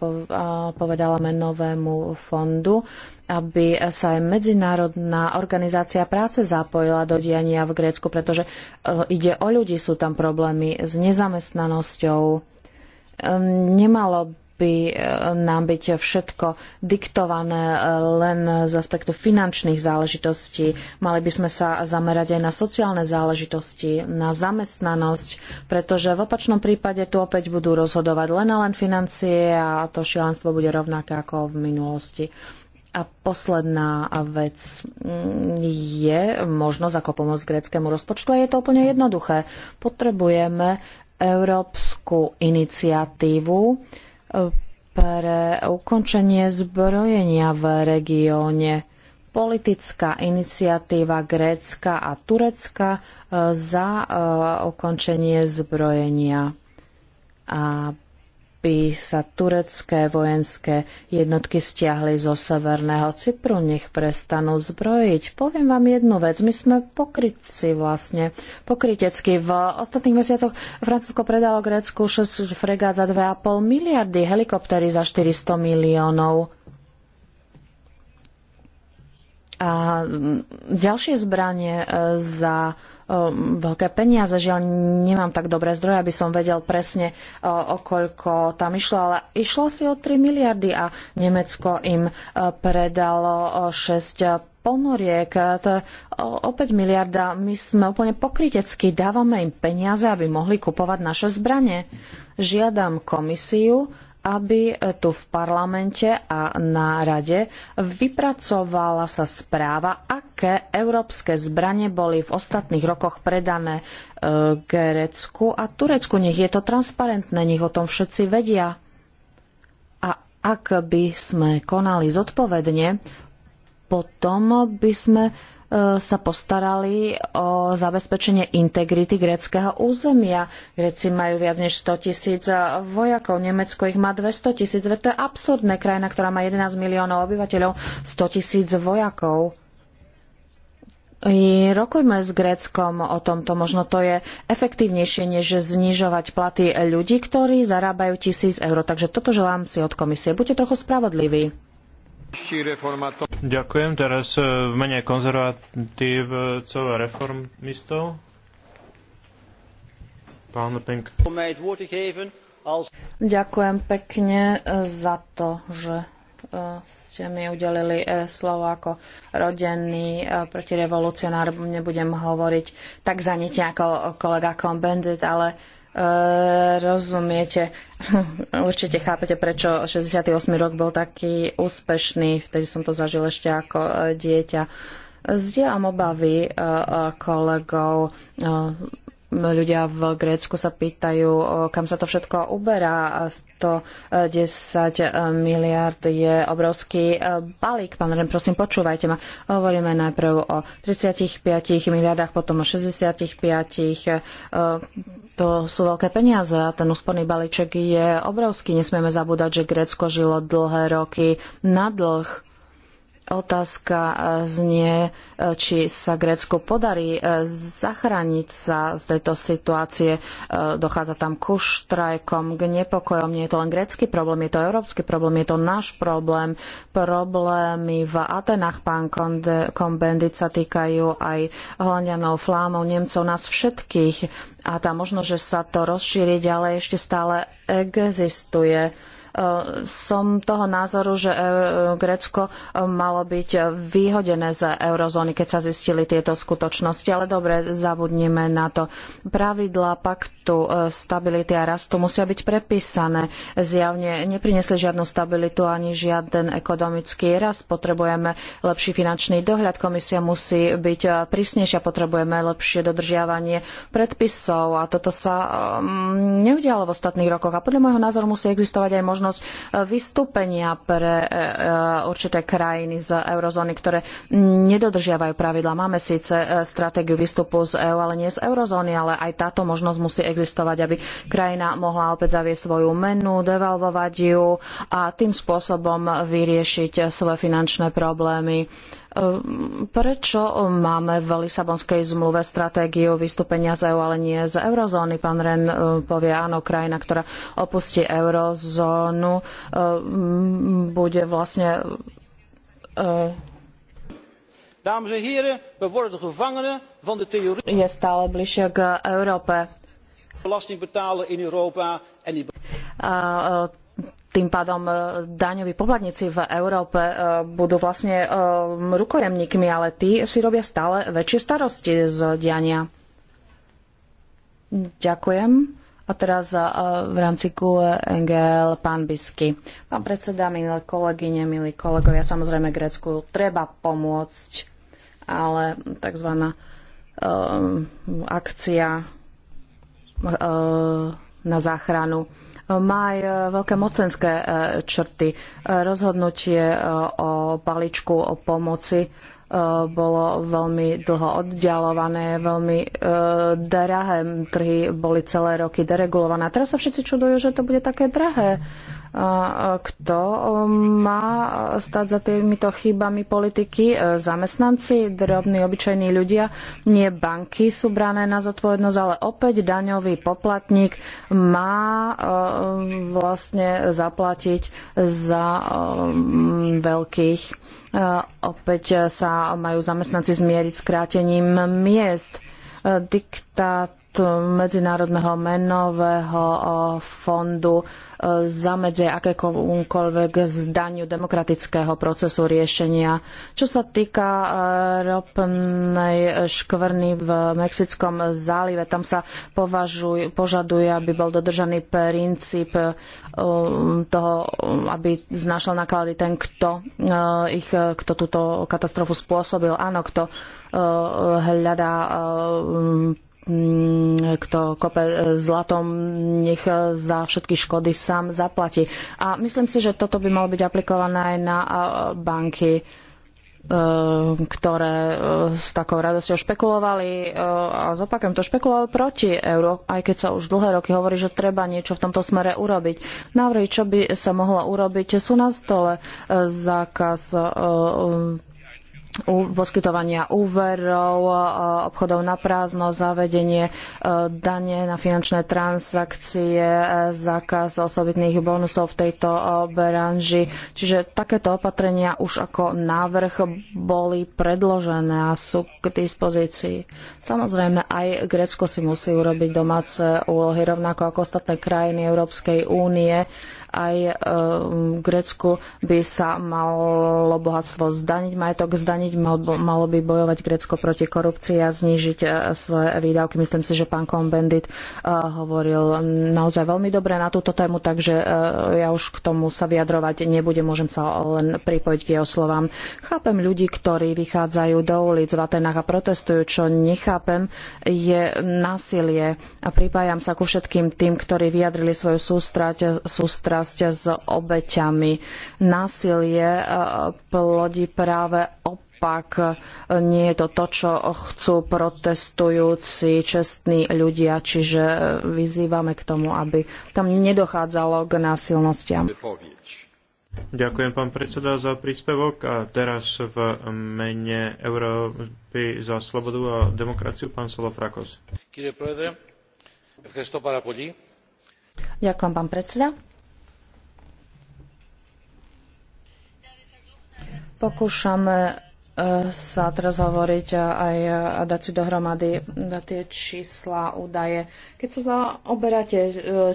povedala menovému fondu, aby sa aj Medzinárodná organizácia práce zapojila do diania v Grécku, pretože ide o ľudí, sú tam problémy s nezamestnanosťou. Nemalo by e, nám byť všetko diktované e, len z aspektu finančných záležitostí. Mali by sme sa zamerať aj na sociálne záležitosti, na zamestnanosť, pretože v opačnom prípade tu opäť budú rozhodovať len a len financie a to šialenstvo bude rovnaké ako v minulosti. A posledná vec mm, je možnosť ako pomôcť gréckému rozpočtu a je to úplne jednoduché. Potrebujeme európsku iniciatívu, pre ukončenie zbrojenia v regióne. Politická iniciatíva Grécka a Turecka e, za e, ukončenie zbrojenia. A aby sa turecké vojenské jednotky stiahli zo Severného Cypru, nech prestanú zbrojiť. Poviem vám jednu vec, my sme pokrytci vlastne, pokrytecky. V ostatných mesiacoch Francúzsko predalo Grécku 6 fregát za 2,5 miliardy, helikoptery za 400 miliónov. A mm, ďalšie zbranie e, za Ehm, veľké peniaze. Žiaľ, nemám tak dobré zdroje, aby som vedel presne, e, o koľko tam išlo, ale išlo si o 3 miliardy a Nemecko im e, predalo 6 e, ponoriek, to je opäť miliarda. My sme úplne pokritecky, dávame im peniaze, aby mohli kupovať naše zbranie. Žiadam komisiu, aby e, tu v parlamente a na rade vypracovala sa správa, aké európske zbranie boli v ostatných rokoch predané e, Grécku a Turecku. Nech je to transparentné, nech o tom všetci vedia. A ak by sme konali zodpovedne, potom by sme Eh, sa postarali o zabezpečenie integrity gréckého územia. Gréci majú viac než 100 tisíc eh, vojakov, Nemecko ich má 200 tisíc, to je absurdné. Krajina, ktorá má 11 miliónov obyvateľov, 100 tisíc vojakov. I rokujme s Gréckom o tomto. Možno to je efektívnejšie, než znižovať platy ľudí, ktorí zarábajú tisíc eur. Takže toto želám si od komisie. Buďte trochu spravodliví. Ďakujem. Teraz e, v mene konzervatívcov a reformistov. Pán Pink. Ďakujem pekne e, za to, že e, ste mi udelili slovo ako rodenný protirevolucionár. Nebudem hovoriť tak za ako kolega Kombendit, ale rozumiete, <laughs> určite chápete, prečo 68. rok bol taký úspešný, vtedy som to zažil ešte ako e, dieťa. Zdieľam obavy e, e, kolegov. Ľudia v Grécku sa pýtajú, kam sa to všetko uberá. 110 miliard je obrovský balík. Pán Ren, prosím, počúvajte ma. Hovoríme najprv o 35 miliardách, potom o 65. To sú veľké peniaze a ten úsporný balíček je obrovský. Nesmieme zabúdať, že Grécko žilo dlhé roky na dlh Otázka e, znie, e, či sa Grécku podarí e, zachrániť sa z tejto situácie. Dochádza tam ku štrajkom, k nepokojom. Nie je to len grécky problém, je to európsky problém, je to náš problém. Problémy v Atenách, pán Kombendit, sa týkajú aj Holandianov, Flámov, Nemcov, nás všetkých. A tá možnosť, že sa to rozšíri ďalej, ešte stále existuje som toho názoru, že e, Grécko e, malo byť vyhodené z eurozóny, keď sa zistili tieto skutočnosti. Ale dobre, zabudnime na to. Pravidlá paktu e, stability a rastu musia byť prepísané. Zjavne neprinesli žiadnu stabilitu ani žiaden ekonomický rast. Potrebujeme lepší finančný dohľad. Komisia musí byť prísnejšia. Potrebujeme lepšie dodržiavanie predpisov. A toto sa mm, neudialo v ostatných rokoch. A podľa môjho názoru musí existovať aj možnosť možnosť eh, vystúpenia pre eh, eh, určité krajiny z eurozóny, ktoré nedodržiavajú pravidla. Máme síce stratégiu výstupu z EÚ, ale nie z eurozóny, ale aj táto možnosť musí existovať, aby krajina mohla opäť zaviesť svoju menu, devalvovať ju a tým spôsobom vyriešiť svoje finančné problémy. Ehm, prečo máme v Lisabonskej zmluve stratégiu vystúpenia z EU, ale nie z eurozóny? Pán Ren ehm, povie, áno, krajina, ktorá opustí eurozónu, ehm, bude vlastne je stále bližšie k Európe. A tým pádom e, daňoví poplatníci v Európe e, budú vlastne e, rukojemníkmi, ale tí si robia stále väčšie starosti z diania. Ďakujem. A teraz v rámci GUE NGL pán Bisky. Pán predseda, milé kolegyne, milí kolegovia, samozrejme Grécku treba pomôcť, ale tzv. akcia na záchranu má aj e, veľké mocenské e, črty. E, rozhodnutie o balíčku o pomoci bolo veľmi dlho oddialované, veľmi drahé. Trhy boli celé roky deregulované. A teraz sa všetci čudujú, že to bude také drahé. Kto um, má stať za týmito chybami politiky? E, zamestnanci, drobní, obyčajní ľudia. Nie banky sú brané na zodpovednosť, ale opäť daňový poplatník má e, um, vlastne zaplatiť za um, veľkých. E, opäť sa majú zamestnanci zmieriť s krátením miest. Diktát Medzinárodného menového fondu e, zamedzie akékoľvek zdaniu demokratického procesu riešenia. Čo sa týka e, ropnej škvrny v Mexickom zálive, tam sa považuj, požaduje, aby bol dodržaný princíp e, toho, aby znašal náklady ten, kto, ich, kto túto katastrofu spôsobil. Áno, kto hľadá kto kope zlatom, nech za všetky škody sám zaplatí. A myslím si, že toto by malo byť aplikované aj na banky e, ktoré e, s takou radosťou špekulovali e, a zopakujem to špekulovali proti euro, aj keď sa už dlhé roky hovorí, že treba niečo v tomto smere urobiť. Návrhy, čo by sa mohlo urobiť, sú na stole zákaz poskytovania úverov, obchodov na prázdno, zavedenie e, dane na finančné transakcie, e, zákaz osobitných bonusov v tejto e, branži. Čiže takéto opatrenia už ako návrh boli predložené a sú k dispozícii. Samozrejme, aj Grécko si musí urobiť domáce úlohy, rovnako ako ostatné krajiny Európskej únie. Aj e, v Grécku by sa malo bohatstvo zdaniť, majetok zdaniť, malo by bojovať Grécko proti korupcii a znížiť e, svoje výdavky. Myslím si, že pán Kombendit e, hovoril naozaj veľmi dobre na túto tému, takže ja už k tomu sa vyjadrovať nebudem, môžem sa len pripojiť k jeho slovám. Chápem ľudí, ktorí vychádzajú do ulic v Atenách a protestujú, čo nechápem, je násilie. A pripájam sa ku všetkým tým, ktorí vyjadrili svoju sústrať, sústrať súčasť s obeťami. Násilie e, plodí práve opak. Nie je to to, čo chcú protestujúci čestní ľudia, čiže vyzývame k tomu, aby tam nedochádzalo k násilnostiam. Ďakujem, pán predseda, za príspevok. A teraz v mene Európy za slobodu a demokraciu, pán Solofrakos. Ďakujem, pán predseda. pokúšame e, sa teraz hovoriť e, aj e, a dať si dohromady tie čísla, údaje. Keď sa zaoberáte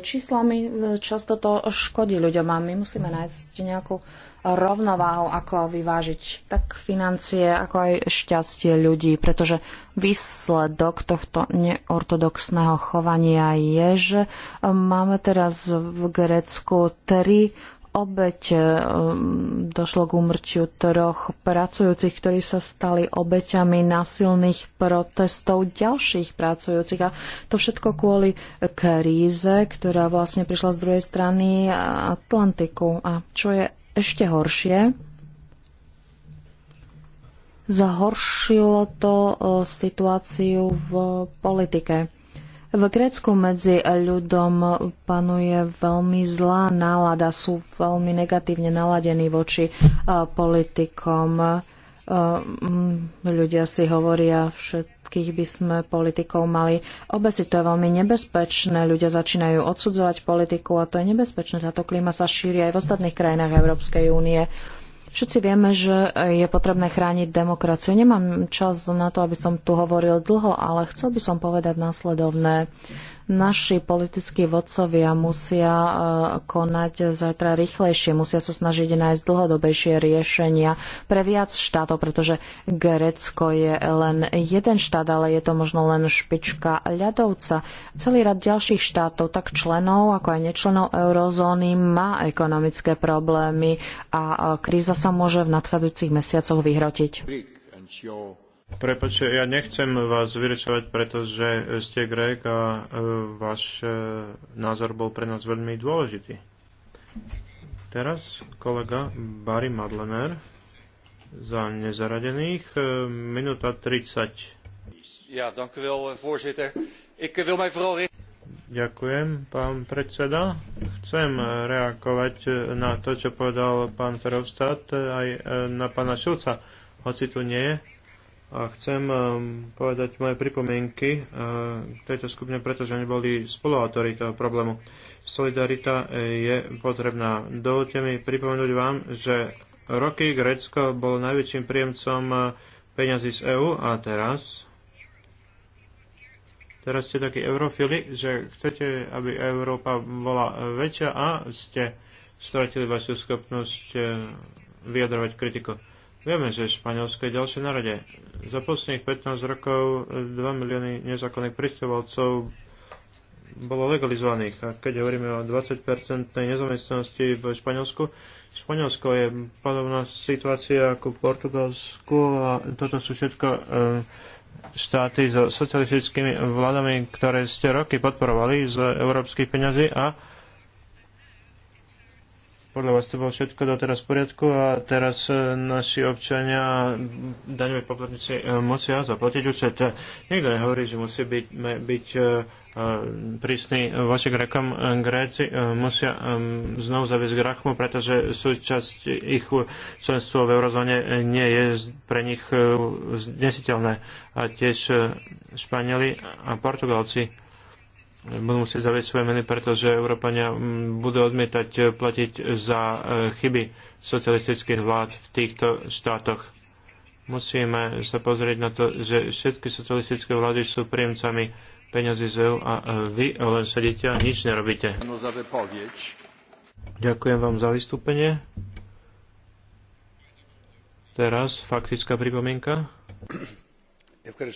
číslami, často to škodí ľuďom a my musíme nájsť nejakú rovnováhu, ako vyvážiť tak financie, ako aj šťastie ľudí, pretože výsledok tohto neortodoxného chovania je, že máme teraz v Grécku tri obeť. Eh, um, došlo k umrčiu troch pracujúcich, ktorí sa stali obeťami násilných protestov ďalších pracujúcich. A to všetko kvôli kríze, ktorá vlastne prišla z druhej strany Atlantiku. A čo je ešte horšie, zahoršilo to eh, situáciu v politike. V Grécku medzi ľuďom panuje veľmi zlá nálada, sú veľmi negatívne naladení voči e, politikom. E, ľudia si hovoria všetko všetkých by sme politikov mali obesiť. To je veľmi nebezpečné. Ľudia začínajú odsudzovať politiku a to je nebezpečné. Táto klíma sa šíri aj v ostatných krajinách Európskej únie. Všetci vieme, že je potrebné chrániť demokraciu. Nemám čas na to, aby som tu hovoril dlho, ale chcel by som povedať následovné. Naši politickí vodcovia musia e, konať zajtra rýchlejšie, musia sa snažiť nájsť dlhodobejšie riešenia pre viac štátov, pretože Grécko je len jeden štát, ale je to možno len špička ľadovca. Celý rad ďalších štátov, tak členov ako aj nečlenov eurozóny, má ekonomické problémy a e, kríza sa môže v nadchádzajúcich mesiacoch vyhrotiť. Prepačte, ja nechcem vás vyrešovať, pretože ste Grek a e, váš e, názor bol pre nás veľmi dôležitý. Teraz kolega Barry Madlener za nezaradených, e, minúta 30. Ja, ďakujem, eh, Ďakujem, pán predseda. Chcem reagovať na to, čo povedal pán Ferovstad aj na pána Šulca, hoci tu nie je a chcem um, povedať moje pripomienky uh, k tejto skupine, pretože oni boli spoluautori toho problému. Solidarita je potrebná. Dovolte mi pripomenúť vám, že roky Grécko bolo najväčším príjemcom uh, peňazí z EÚ a teraz teraz ste takí eurofili, že chcete, aby Európa bola väčšia a ste stratili vašu schopnosť uh, vyjadrovať kritiku. Vieme, že Španielsko je ďalšie na rade. Za posledných 15 rokov 2 e, milióny nezákonných pristahovalcov bolo legalizovaných. A keď hovoríme o 20-percentnej nezamestnanosti v Španielsku, Španielsko je podobná situácia ako v Portugalsku a toto sú všetko e, štáty so socialistickými vládami, ktoré ste roky podporovali z európskych peňazí a podľa vás to bolo všetko doteraz v poriadku a teraz e, naši občania, daňoví poplatníci, e, musia zaplatiť účet. Nikto nehovorí, že musí byť, byť e, prísny voči Grekom. Gréci musia znovu zaviesť Grachmu, pretože súčasť ich členstvo v eurozóne nie je pre nich znesiteľné. A tiež Španieli a Portugalci budú musieť zaviesť svoje meny, pretože Európania mm, budú odmietať eh, platiť za eh, chyby socialistických vlád v týchto štátoch. Musíme sa pozrieť na to, že všetky socialistické vlády sú príjemcami peňazí z EU a eh, vy len sedíte a nič nerobíte. Ďakujem vám za vystúpenie. Teraz faktická pripomienka. Ďakujem,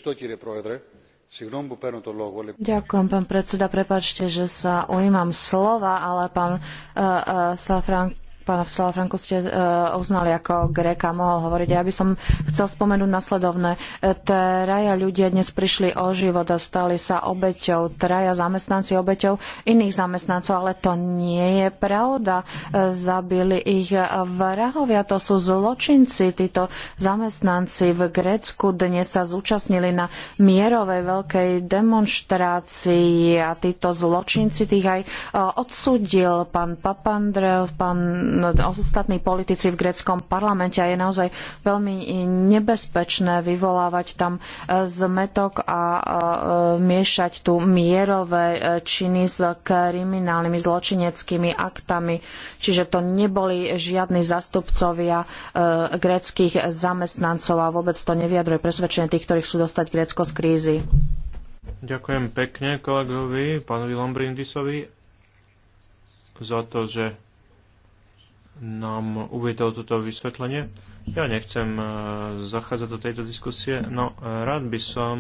Ďakujem, pán predseda. Prepačte, že sa ujímam slova, ale pán uh, eh, uh, eh, Safrank pána Franku ste e, uznali ako Gréka, mohol hovoriť. Ja by som chcel spomenúť nasledovné. E, traja ľudia dnes prišli o život a stali sa obeťou. Traja zamestnanci obeťou iných zamestnancov, ale to nie je pravda. E, zabili ich vrahovia, to sú zločinci. Títo zamestnanci v Grécku dnes sa zúčastnili na mierovej veľkej demonštrácii a títo zločinci tých aj odsúdil pán Papandreou, pán ostatní politici v gréckom parlamente a je naozaj veľmi nebezpečné vyvolávať tam e, zmetok a e, e, miešať tu mierové činy s kriminálnymi zločineckými aktami. Čiže to neboli žiadni zastupcovia gréckych zamestnancov a vôbec to nevyjadruje presvedčenie tých, ktorí chcú dostať Grécko z krízy. Ďakujem pekne kolegovi, pánovi Lombrindisovi, za to, že nám uviedol toto vysvetlenie. Ja nechcem e, zachádzať do tejto diskusie, no e, rád by som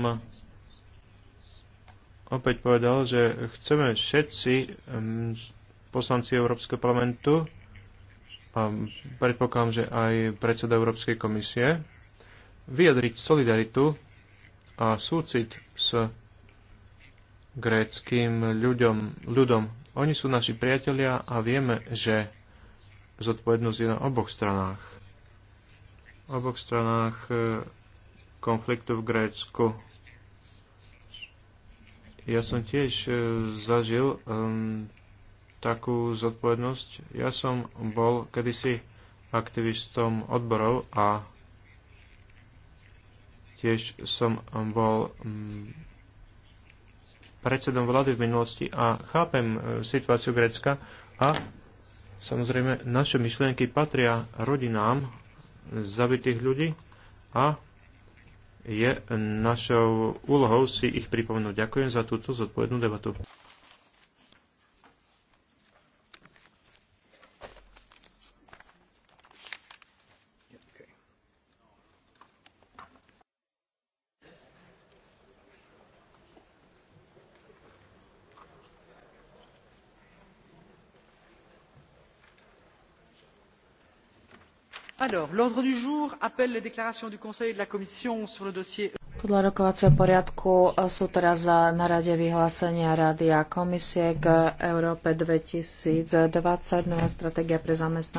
opäť povedal, že chceme všetci poslanci Európskeho parlamentu a predpokladám, že aj predseda Európskej komisie vyjadriť solidaritu a súcit s gréckým ľuďom, ľudom. Oni sú naši priatelia a vieme, že zodpovednosť je na oboch stranách. Oboch stranách e, konfliktu v Grécku. Ja som tiež e, zažil um, takú zodpovednosť. Ja som bol kedysi aktivistom odborov a tiež som bol um, predsedom vlády v minulosti a chápem e, situáciu Grécka a Samozrejme, naše myšlienky patria rodinám zabitých ľudí a je našou úlohou si ich pripomenúť. Ďakujem za túto zodpovednú debatu. l'ordre du jour appelle les déclarations du conseil et de la commission sur le dossier e. podľa rokovacieho poriadku e, sú teraz e, na rade vyhlásenia Rady a komisie k Európe 2020, nová stratégia pre zamestnanosť.